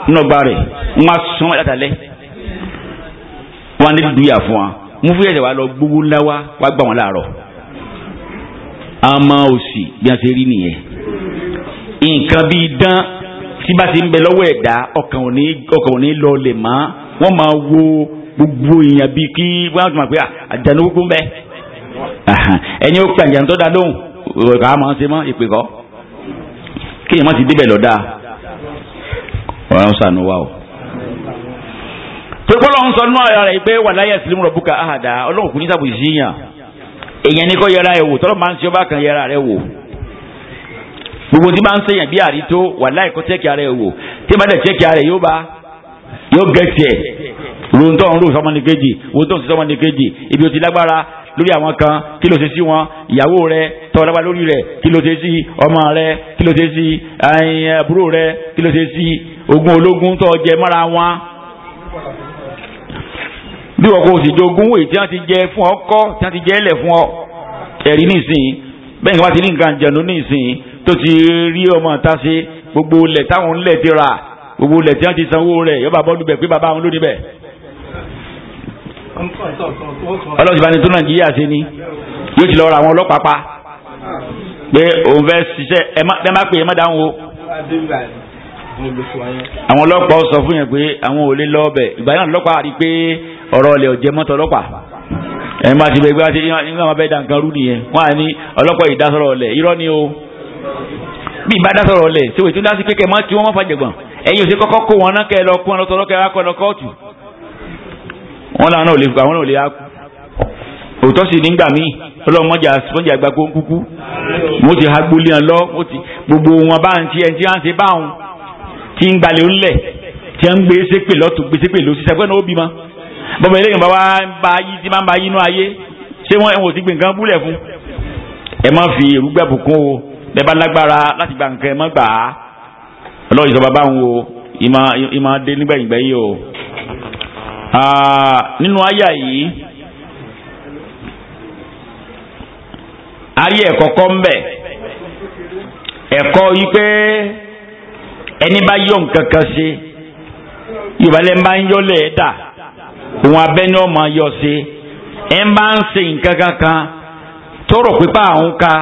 nínú ọgbà rẹ̀ wọ́n máa sún ẹ̀dá tàlẹ́ wọ́n á ní dùyà fún wa mú fún ẹ̀dá wa lọ gbogbo ńlá wa wá gbà wọ́n láàárọ̀ àmọ́ òsì bí wọ́n ṣe rí nìyẹn nǹkan bíi dán tí bá ti ń bẹ lọ́wọ́ ẹ̀dá ọkàn ò ọkàn ò lọ lè mọ́ wọ́n máa wo gbogbo èèyàn bíi kí wọ́n á tún máa pé àjànú gbogbo ń bẹ́ẹ̀ ẹ̀yin ó pẹ̀ ǹjẹ́ tó da lóhùn ọ̀gá máa ń ṣe mọ́ ìpè kọ́ kí èèyàn má ti débẹ̀ lọ́dà ọ̀rọ̀ sànú wa o. pé kọ́lọ́ ń sọ nínú ara rẹ̀ pé wà láyé ẹ̀sìn lómùrọ̀ bùkà àhàdà ọlọ́run kò ní sàbò ìṣìyàn èèyàn ní kọ́ yẹra ẹ̀ wò tọ́lọ́ máa ń ṣe ọba kan yẹra rẹ̀ wò gbogbo tí máa ń sèyàn bí àrító wà láì kọ́ tẹ́kì ara ẹ̀ wò tí máa dẹ̀ tẹ́kì ara ẹ̀ yóò bá yóò gẹ̀ẹ́tì ẹ̀ ròǹtọ́ ń rò sọmọnìkejì ròǹtọ́ ń sọmọnìkejì ibi ò ti lágbára lórí àwọn kan kí ló ṣe sí wọn ìyàwó rẹ tọ́lábà lórí rẹ kí ló ṣe sí ọmọ rẹ kí ló ṣe sí àbúrò rẹ kí ló ṣe sí ogún ológun tó jẹ mọ́ra wọn. bí wọn kò sì jogún èyí tí wọn ti jẹ fún ọ kọ tí wọn ti jẹ ẹlẹ fún ọ ẹrí nìsín bẹ́ẹ̀ ni wọn ti ní nǹkan jẹun nìsín tó ti rí ọmọ ta ṣe gbogbo ilẹ̀ táwọn ńlẹ̀ ti rà gbogbo ilẹ̀ tí wọn ti sanwó rẹ̀ yọba bọ́ọ̀lù bẹ̀ pé bàbá àwọn ló níbẹ̀ ọlọ́run ti bá ní tó nàìjíríà ṣe ni yóò ti lọ ra àwọn ọlọ́pàá pa pé òun fẹ́ ṣiṣẹ́ ẹ má pè é má dáhùn o àwọn ọlọ́pàá sọ fún yẹn pé àwọn ò lè lọ ọbẹ̀ ìgbà yẹn ọlọ́pàá rí pé ọ̀rọ̀ ọ̀lẹ̀ ọ̀jẹ̀ mọ́tò ọlọ́pàá ẹ̀ máa ti bẹ̀ gbé wá sí nígbà máa bẹ́ẹ̀ dànkan rú nìyẹn wọ́n á ní ọlọ́pàá ìdásọ̀rọ̀ ọ̀lẹ̀ irọ́ ni o bí ìbá dásọ̀rọ̀ ọ̀lẹ̀ ṣèwé tó dá sí kékeré mọ́ tí wọ́n mọ́ fàjẹ̀gbọ̀n ẹ̀yin ò sí kọ́kọ́ kó wọn náà kẹ́ ẹ lọ kó wọn lọ́tọ̀ lọ́kẹ́ wá kọ́ lọ kóòtù wọn làwọn náà ò lè kú àwọn náà ò lè á kú òótọ́ sì nígbà míì ọlọ́run mọ́jà mọ́jà gba kókúkú mo ti ha gbolé hàn lọ mo ti gbogbo wọn bá ń tiẹ̀ tí wọ́n ti bá wọn ti ń gbalẹ̀ ńlẹ̀ tí wọ́n ń gbé sépè lọ́tò gbé sépè lọ́sí sẹ́gbẹ́ náà ó bímọ bọ́bá eléyìí bá bá yí tí máa ń bá yí inú ayé ṣé wọ́n ò ti gbé nǹkan búlẹ̀ fún ẹ má fi èrúgbà bùkún o bẹ́ẹ̀ bá lágbára láti gba nǹkan ẹ má gbà á ọlọ́run ìjọba o ìmọ̀ ìmọ̀ dé nígbẹ̀yìngbẹ̀yìn Ah, nínú àyà yìí ayé ẹ̀kọ́ kọ́ ń bẹ̀ ẹ̀kọ́ yìí pé ẹni bá yọ nǹkan kan ṣe yorùbá lẹ́nu bá ń yọ lẹ́ẹ̀dà òun abẹ́ni ọmọ yọ ṣe ẹ̀ ń bá ń ṣe nǹkan kankan tọrọ pípa àwọn ka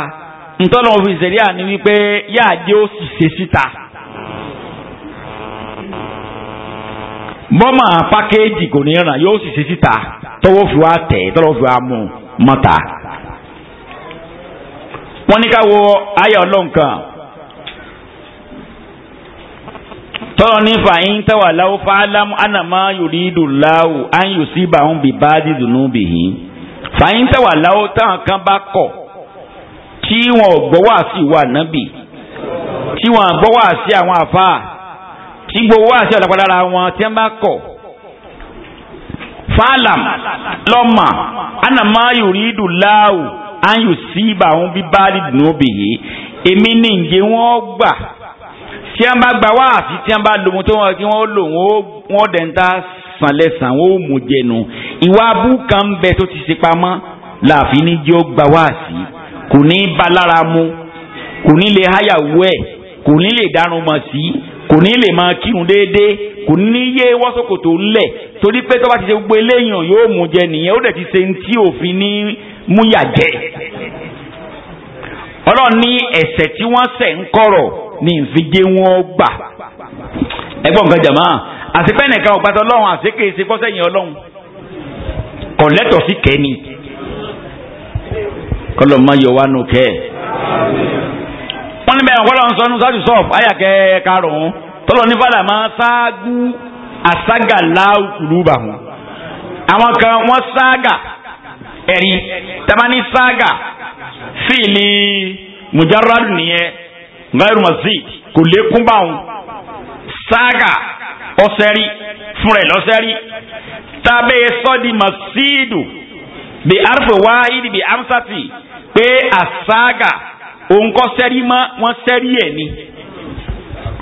ntọ́nà òfin ìṣẹ̀lẹ̀ àní wípé yáàdé ó sì ṣe síta. Si bọ́mà pákéjì kò ní ràn yóò sì ṣe síta tọwọ́ fi wá tẹ̀ tọwọ́ fi wá mú mọ́ta. wọ́n ní ká wo ayọ̀ ọlọ́nkan tọ́lọ́ ní fàyín tẹ́wà láwọ́ fáálámù ànàmá yòrídù láwù áyù síbà ń bì bá dídùnú bìhí fàyín tẹ́wà láwọ́ táwọn kan bá kọ̀ tí wọn ò gbọ́ wá sí ìwà nábì tí wọn àgbọ́ wá sí àwọn àfáà tí gbowó àti ọ̀dàpadàra wọn tí wọ́n bá kọ̀ fàlàm lọ́mà ànàmá yòrídù láàwù áyù sí ibà òun bí báàlì dùnú bìyí èmi ní ǹjẹ́ wọ́n gbà tí wọ́n bá gbà wáàsí tí wọ́n bá lòun tó wọn kí wọ́n lò wọ́n dẹ̀ ń ta sàn ò mú jẹnu ìwà abú ń bẹ tó ti ṣe pamọ́ láàfin ní jẹ́ ó gbà wáàsí kò ní í ba lára mu kò ní lè háyàwó ẹ̀ kò ní lè dárun mọ̀ sí kò ní lè máa kírun déédéé kò ní yé wọ́sọ̀kòtò ńlẹ̀ torí pé tó bá ti ṣe gbogbo eléyàn yóò mú jẹ nìyẹn ó dẹ̀ ti ṣe tí òfin ní múyà jẹ. ọlọ́run ní ẹ̀ṣẹ̀ tí wọ́n ṣẹ̀ ń kọ̀rọ̀ ní ìfijé wọn gbà. ẹ nǹkan jàmá àṣepẹ́ ọ̀gbàtà ọlọ́run àṣekè ṣe gbọ́sẹ̀ yẹn ọlọ́run kọ̀lẹ́tọ̀ sí kẹ́ni kọlọ́ọ̀ má yọ wá nù kẹ́ ẹ̀ wọ́n ní bẹ́ẹ̀ ọ̀pọ̀lọ́ ń sọ ní sọ́ọ̀tù sọ́ọ̀fù ayàkẹ́ karùn-ún tọ́lọ́ ní fàdà máa ságú àságà láwùkùlùbà wọn. àwọn kan wọ́n ságà ẹ̀rí tamani ságà sí ní mujarradu nìyẹn gairu mazid kò lékún bá wọn. ságà ọ̀sẹ̀rí fún rẹ̀ lọ́sẹ̀rí tábẹ́ sọ́ọ̀dì masidu bí arúfẹ́ wáyé bí amsati pé àságà òun kọ́ sẹ́rí mọ́ wọ́n sẹ́rí ẹ̀ ni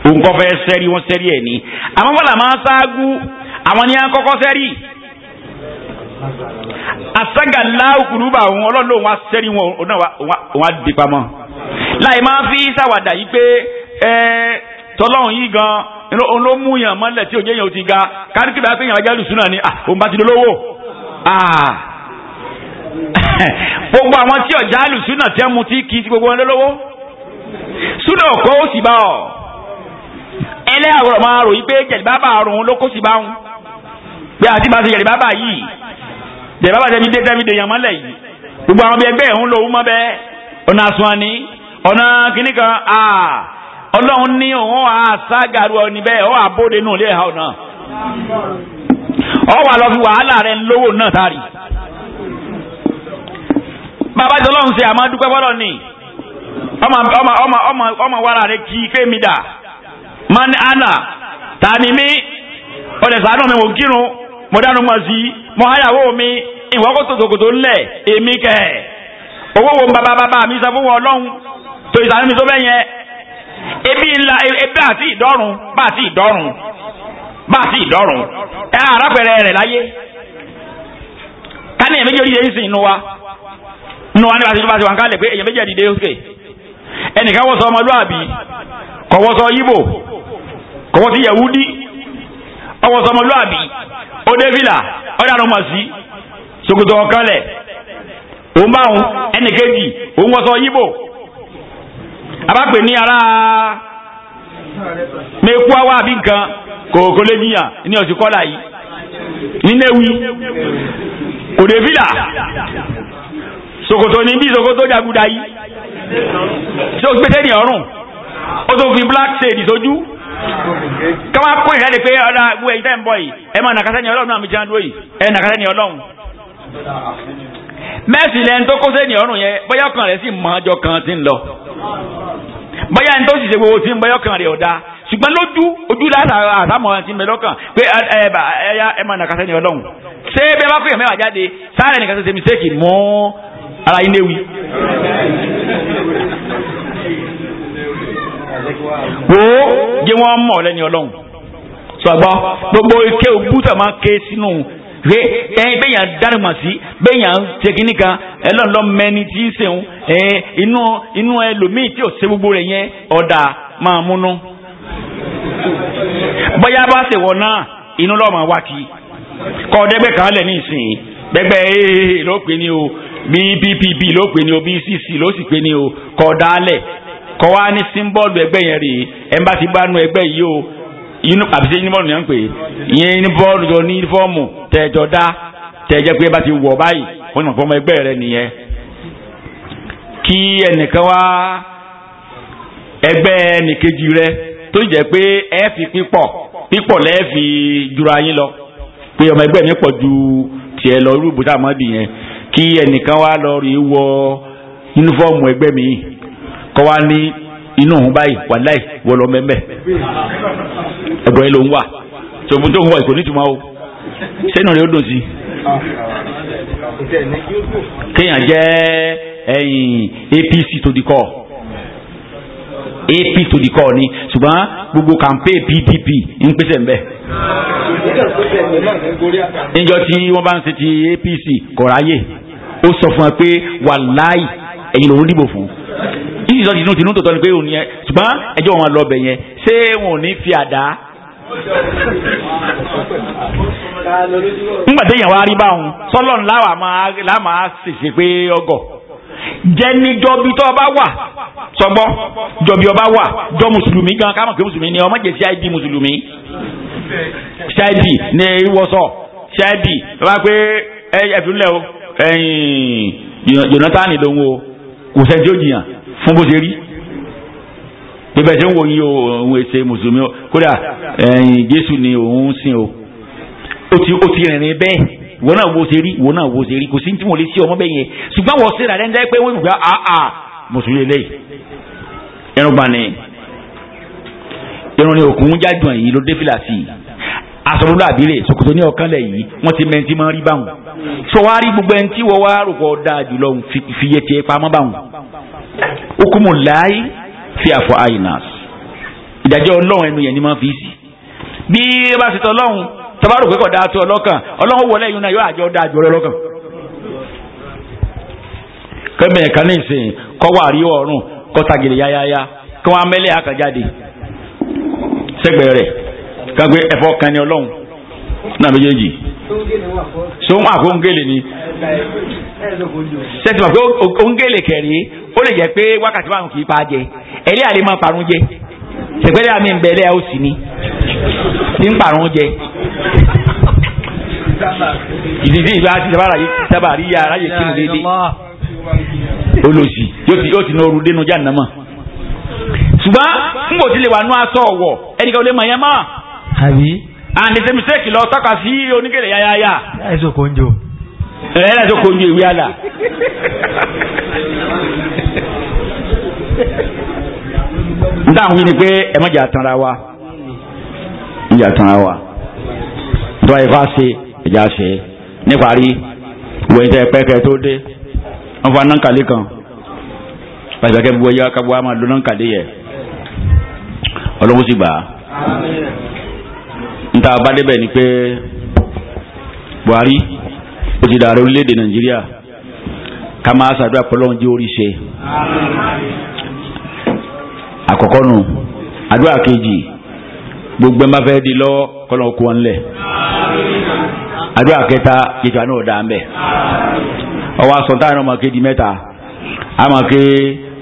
òun kọ́ fẹ́ sẹ́rí wọ́n sẹ́rí ẹ̀ ni àmọ́ bọ́lá máa ń ṣáájú àwọn ni à ń kọ́kọ́ sẹ́rí asagala okuruba òun ọlọ́dún òun á sẹ́rí wọn òun á di pamọ́ láì máa fi ṣàwàdà yìí pé ẹ tọ́lọ́hún yìí gan òun ló mú yàn mọ́lẹ̀ tí òjé yàn ó ti ga kárí pé yàn ajálù sùn náà ni òun bá ti dolówó gbogbo àwọn tí ọ̀já lù súnà tí wọ́n mu tí kì í sí gbogbo wọn lọ́wọ́ súnà ọ̀kọ́ ó sì bá ọ ẹlẹ́yà ọ̀rọ̀ máa rò yí pé jẹ̀lìbábà àrùn ló kó sì bá ń pé àti bá ṣe jẹ̀lìbábà yìí jẹ̀lìbábà tẹ̀mí dé tẹ̀mí dèèyàn mọ́lẹ̀ yìí gbogbo àwọn bíi ẹgbẹ́ ìhun lòun mọ́ bẹ́ẹ̀ ọ̀nà àsùnwọ̀nì ọ̀nà kìíní kan ọlọ́run ní òun àṣàgàrú ọ̀nì bẹ́ẹ̀ ọ̀ àbóde nù lé ọ̀nà ọ̀ wà lọ fi wàhálà rẹ̀ lówó náà tari bàbá jọ lọ́run ṣe àmọ́ bọ́lọ̀ ni ọmọ wàrà rẹ kì í pé dà man ana ta mi ọ̀dẹ̀ sàánù mi mò kírun mo sí mo háyàwó mi kò tòkòtò èmi owó wo bàbá bàbá mi sọ fún wọn ọlọ́run tó mi tó yẹn ebi ńlá ebi e, àti bá àti bá nínú wa ní bàtí bàtí wà ń kálẹ̀ pé èyàn méjì ẹ̀dìdé òkè ẹnìkan wọ́sọ ọmọlúàbí kọ̀wọ́sọ yíbò kọ̀wọ́sọ yẹ̀wúdí ọwọ́sọ ọmọlúàbí ọdẹ́fìlà ọ̀dàrún màsí ṣòkòtò ọ̀kálẹ̀ òun bá òun ẹnìkejì òun wọ́sọ yíbò abápè ní ara mẹ́kúá wà bí nǹkan kòkó lé níyàn ní ọ̀sìn kọ́là yìí nínú ewì kòdẹ́fìlà ṣòkòtò ní bí ṣòkòtò jàgùdà yìí tí ó gbé sẹ́ni ọ̀rùn ó tó fi black shade sójú káwá kó ìdáde pé ọ̀la gbogbo ẹ̀yìn tẹ́ ń bọ̀ yìí ẹ máa nàkásẹ́ ni ọlọ́run náà mi jẹun dúró yìí ẹ nàkásẹ́ ni ọlọ́run. mẹ́sì lẹ́n tó kó sẹ́ni ọ̀rùn yẹn bóyá ọkàn rẹ̀ sì mọ ọjọ́ kan ti ń lọ bóyá ẹni tó sì ṣe gbogbo tí ń bóyá ọkàn rẹ̀ ọ̀dà ṣùgbọ́n lójú ojú lára àtàmọ̀ àti mẹ́lọ́kàn pé ẹ máa nàkásẹ́ ni ọlọ́run ṣé bí a bá kó mẹ́wàá jáde sáré nìkan ṣe ṣe mistake mọ́ ara yín léwu. wo jẹ́ wọ́n mọ̀ lẹ́ni ọlọ́run sọgbọ́ gbogbo ike òbúta máa ké sínú pé ẹyin bẹ́ẹ̀ yàn dáná mà sí bẹ́ẹ̀ yàn ṣe kínní kan ẹlọ́nlọ́ tí ń sẹ́wọ̀n ẹ inú inú ẹlòmíì tí ò ṣe gbogbo rẹ̀ yẹn ọdà máa múnú. bóyá bá ṣe náà inú máa wá kí kan ní ìsìn eh, pè ní o bppp ló pè ní o bcc ló sì pè ní o kọ dálẹ̀ kọ wá ní símbọ́ọ̀lù ẹgbẹ́ yẹn rèé ẹ̀ ń bá ti bá nu ẹgbẹ́ yìí o inú àbíṣe yunifọ́ọ̀mù yẹn ń pè yẹn yunifọ́ọ̀mù tó ní yunifọ́ọ̀mù tẹ̀jọ́ dá tẹ̀jẹ́ pé bá ti wọ̀ báyìí wọ́n ní ọ̀pọ̀ ọmọ ẹgbẹ́ rẹ nìyẹn kí ẹnìkan wá ẹgbẹ́ ẹnìkejì rẹ tó jẹ́ pé ẹ fi pípọ̀ pípọ̀ lẹ́ẹ̀fi jura yín lọ pé ọmọ ẹgbẹ́ mi pọ̀ ju tiẹ̀ lọ irú ìbúdàmọ́dì yẹn kí ẹnìkan wá lọ rí wọ yunifọ́ọ̀mù ẹgbẹ́ mi kọ́ wá ní inú òun báyìí wàláì wọ́n lọ mẹ́mẹ́ ẹ̀gbọ́n yẹn ló ń wà tòun tó ń wà ìkò nítumọ̀ o sẹ́nu rẹ̀ ó dùn sí kéèyàn jẹ́ ẹ̀yìn apc tó di kọ́ ap tó di kọ́ ni ṣùgbọ́n gbogbo campaign pdp ń pèsè ńbẹ. níjọ́ tí wọ́n bá ń ṣe ti apc kò ó sọ fún wa pé wàláì ẹ̀yin lòún dìbò fún yìí sọ tinú tinú tòótọ́ ni pé òun yẹn ṣùgbọ́n ẹjọ́ wọn lọ bẹ̀ yẹn ṣé wọn ò ní fi àdá. nígbà téèyàn wá rí báwọn sọlọ́n láwàá ṣèṣe pé ọgọ̀ jẹ́ jọbi tó ọba wà sọgbọ́ jọbi ọba wà jọ mùsùlùmí gan ká mọ̀ pé mùsùlùmí ni ọmọ jẹ́ cid mùsùlùmí cid ni ìwọ̀sọ̀ cid wọ́n á pé ẹ̀yẹ̀ fúnlẹ̀ o. Jonathan ló ń wo kò sẹ́ni tí ó jiyàn fún bó ṣe rí bíbẹ̀ tí ń wo yín o òun èsè mùsùlùmí o kódà Jésù ni òun sìn o ó ti ó ti rìnrìn bẹ́ẹ̀ ìwọ náà wo ṣe rí ìwọ náà wo ṣe rí kò sí ní tí mo lè ṣe ọmọ bẹ́ẹ̀ yẹn ṣùgbọ́n wọ́n ṣe rà lẹ́ńdẹ́ pé wọ́n ah, ah, gbà áà mùsùlùmí eléyìí ẹrùbani irun ni òkun jádùn ẹ̀yìn ló dé fìlà sí i asọ̀rọ̀ làbílẹ̀ ṣòkòtò ní ọ̀kánlẹ̀ yìí wọ́n ti mẹ́ntì máa rí báwọn. sọ̀wárí gbogbo ẹni tí wọ́n wá rògbò dáa jùlọ fìyẹ tiẹ̀ pamọ́ báwọn. okumu láàyè fi àfọ àyìnà ìdájọ́ ọlọ́run ẹnu yẹn ni máa fi sí. bí ẹ bá ṣe tọ́ ọlọ́run tọ́ba rò pé kò dáa tó ọlọ́kàn ọlọ́run wọlé yìí náà yóò àjọ dáa jù ọlọ́kàn. kẹ́mi ẹ̀ka ní ìsìn kọ́ kágbé ẹ̀fọ́ kani ní ọlọ́run náà méjèèjì sóhun àkóńgélé ni sẹ́tì mọ̀ pé òǹgélé kẹ̀rí ó lè jẹ́ pé wákàtí márùn kì í pa á jẹ ẹ̀lẹ́ àlè máa parun jẹ sẹ̀pẹ́lẹ́ àmì ń bẹ ẹlẹ́yà ó sì ní ti ń parun jẹ ìdíjí ìgbà àti sábàrà yìí sábàrà yìí aráyè kí n dédé olùsì yóò ti nọrù dénú jáde ṣùgbọ́n n kò tilẹ̀ wà nú aṣọ ọ̀wọ̀ ẹnìkan ò mọ̀ yẹn mọ́ àbí. àǹtẹ̀tẹ̀ ah, mistake lọ tọ́ka sí oníkèrè yáyáyá. ẹ̀sùn kò ń jò. ẹ̀sùn kò ń jò ìwé àlà. n táwọn wí ni pé ẹ má jà tanra wa má jà tanra wa tọ́wọ́ yìí fà ṣe ìjà ṣe níparí wẹ̀yìn tẹ́ pẹ́kẹ́ tó dé wọ́n fa nankali kan pàṣẹkẹ́ bu ẹyẹ kábọ̀ àmọ́ lọ́nà kàdé yẹ ọlọ́wọ́ sì gbà níta bá débẹ̀ ni pé Buhari ó ti dàrú orílẹ̀-èdè Nàìjíríà ká máa ṣàdúrà pọ́lọ́n jẹ́ orí ṣe àkọ́kọ́ nù àdúrà kejì gbogbo ẹ̀ máa fẹ́ di lọ́wọ́ kọ́lọ́n kú wọn lẹ̀ àdúrà kẹta ètò àná ọ̀dà ń bẹ̀ ọwọ́ asọ̀ntà àná ọmọ kejì mẹ́ta àmọ́ ké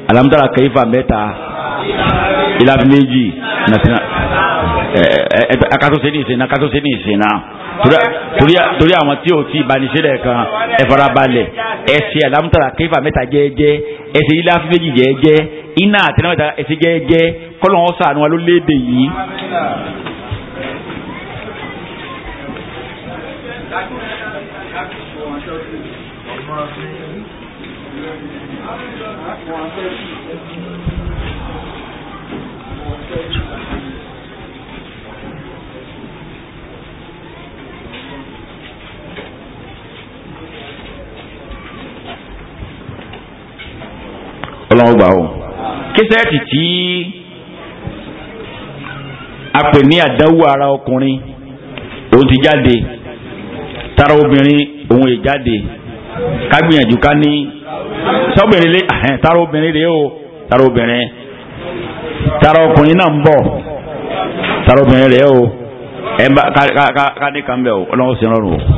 alamtara kẹfà mẹ́ta ìlàfíméjì nàìjíríà akásóse ní ìsìn náà akásóse ní ìsìn náà torí àwọn tí o ti ìbánisílẹ̀ kan ẹ farabalẹ̀ ẹsẹ̀ alámútàlá kéfà mẹ́ta jẹ́ẹ́jẹ́ ẹsẹ̀ ilé afi méjì jẹ́ẹ́jẹ́ iná àtẹnà mẹ́ta ẹsẹ̀ jẹ́ẹ́jẹ́ kọ́lọ́n ọ̀sán àánú wa ló léde Thank you. ọlọ́run gbà ó. kíṣẹ́ẹ̀tì tí a pè ní àdánwò ara ọkùnrin òun ti jáde tara obìnrin òun è jáde ká gbìyànjú ká ní sọ́bìnrin lé tara obìnrin rèé o tara obìnrin tara ọkùnrin náà ń bọ̀ tara obìnrin rèé o ẹ bá ká ká ká ní kàn bẹ́ẹ̀ o ọlọ́run sì rọrùn o.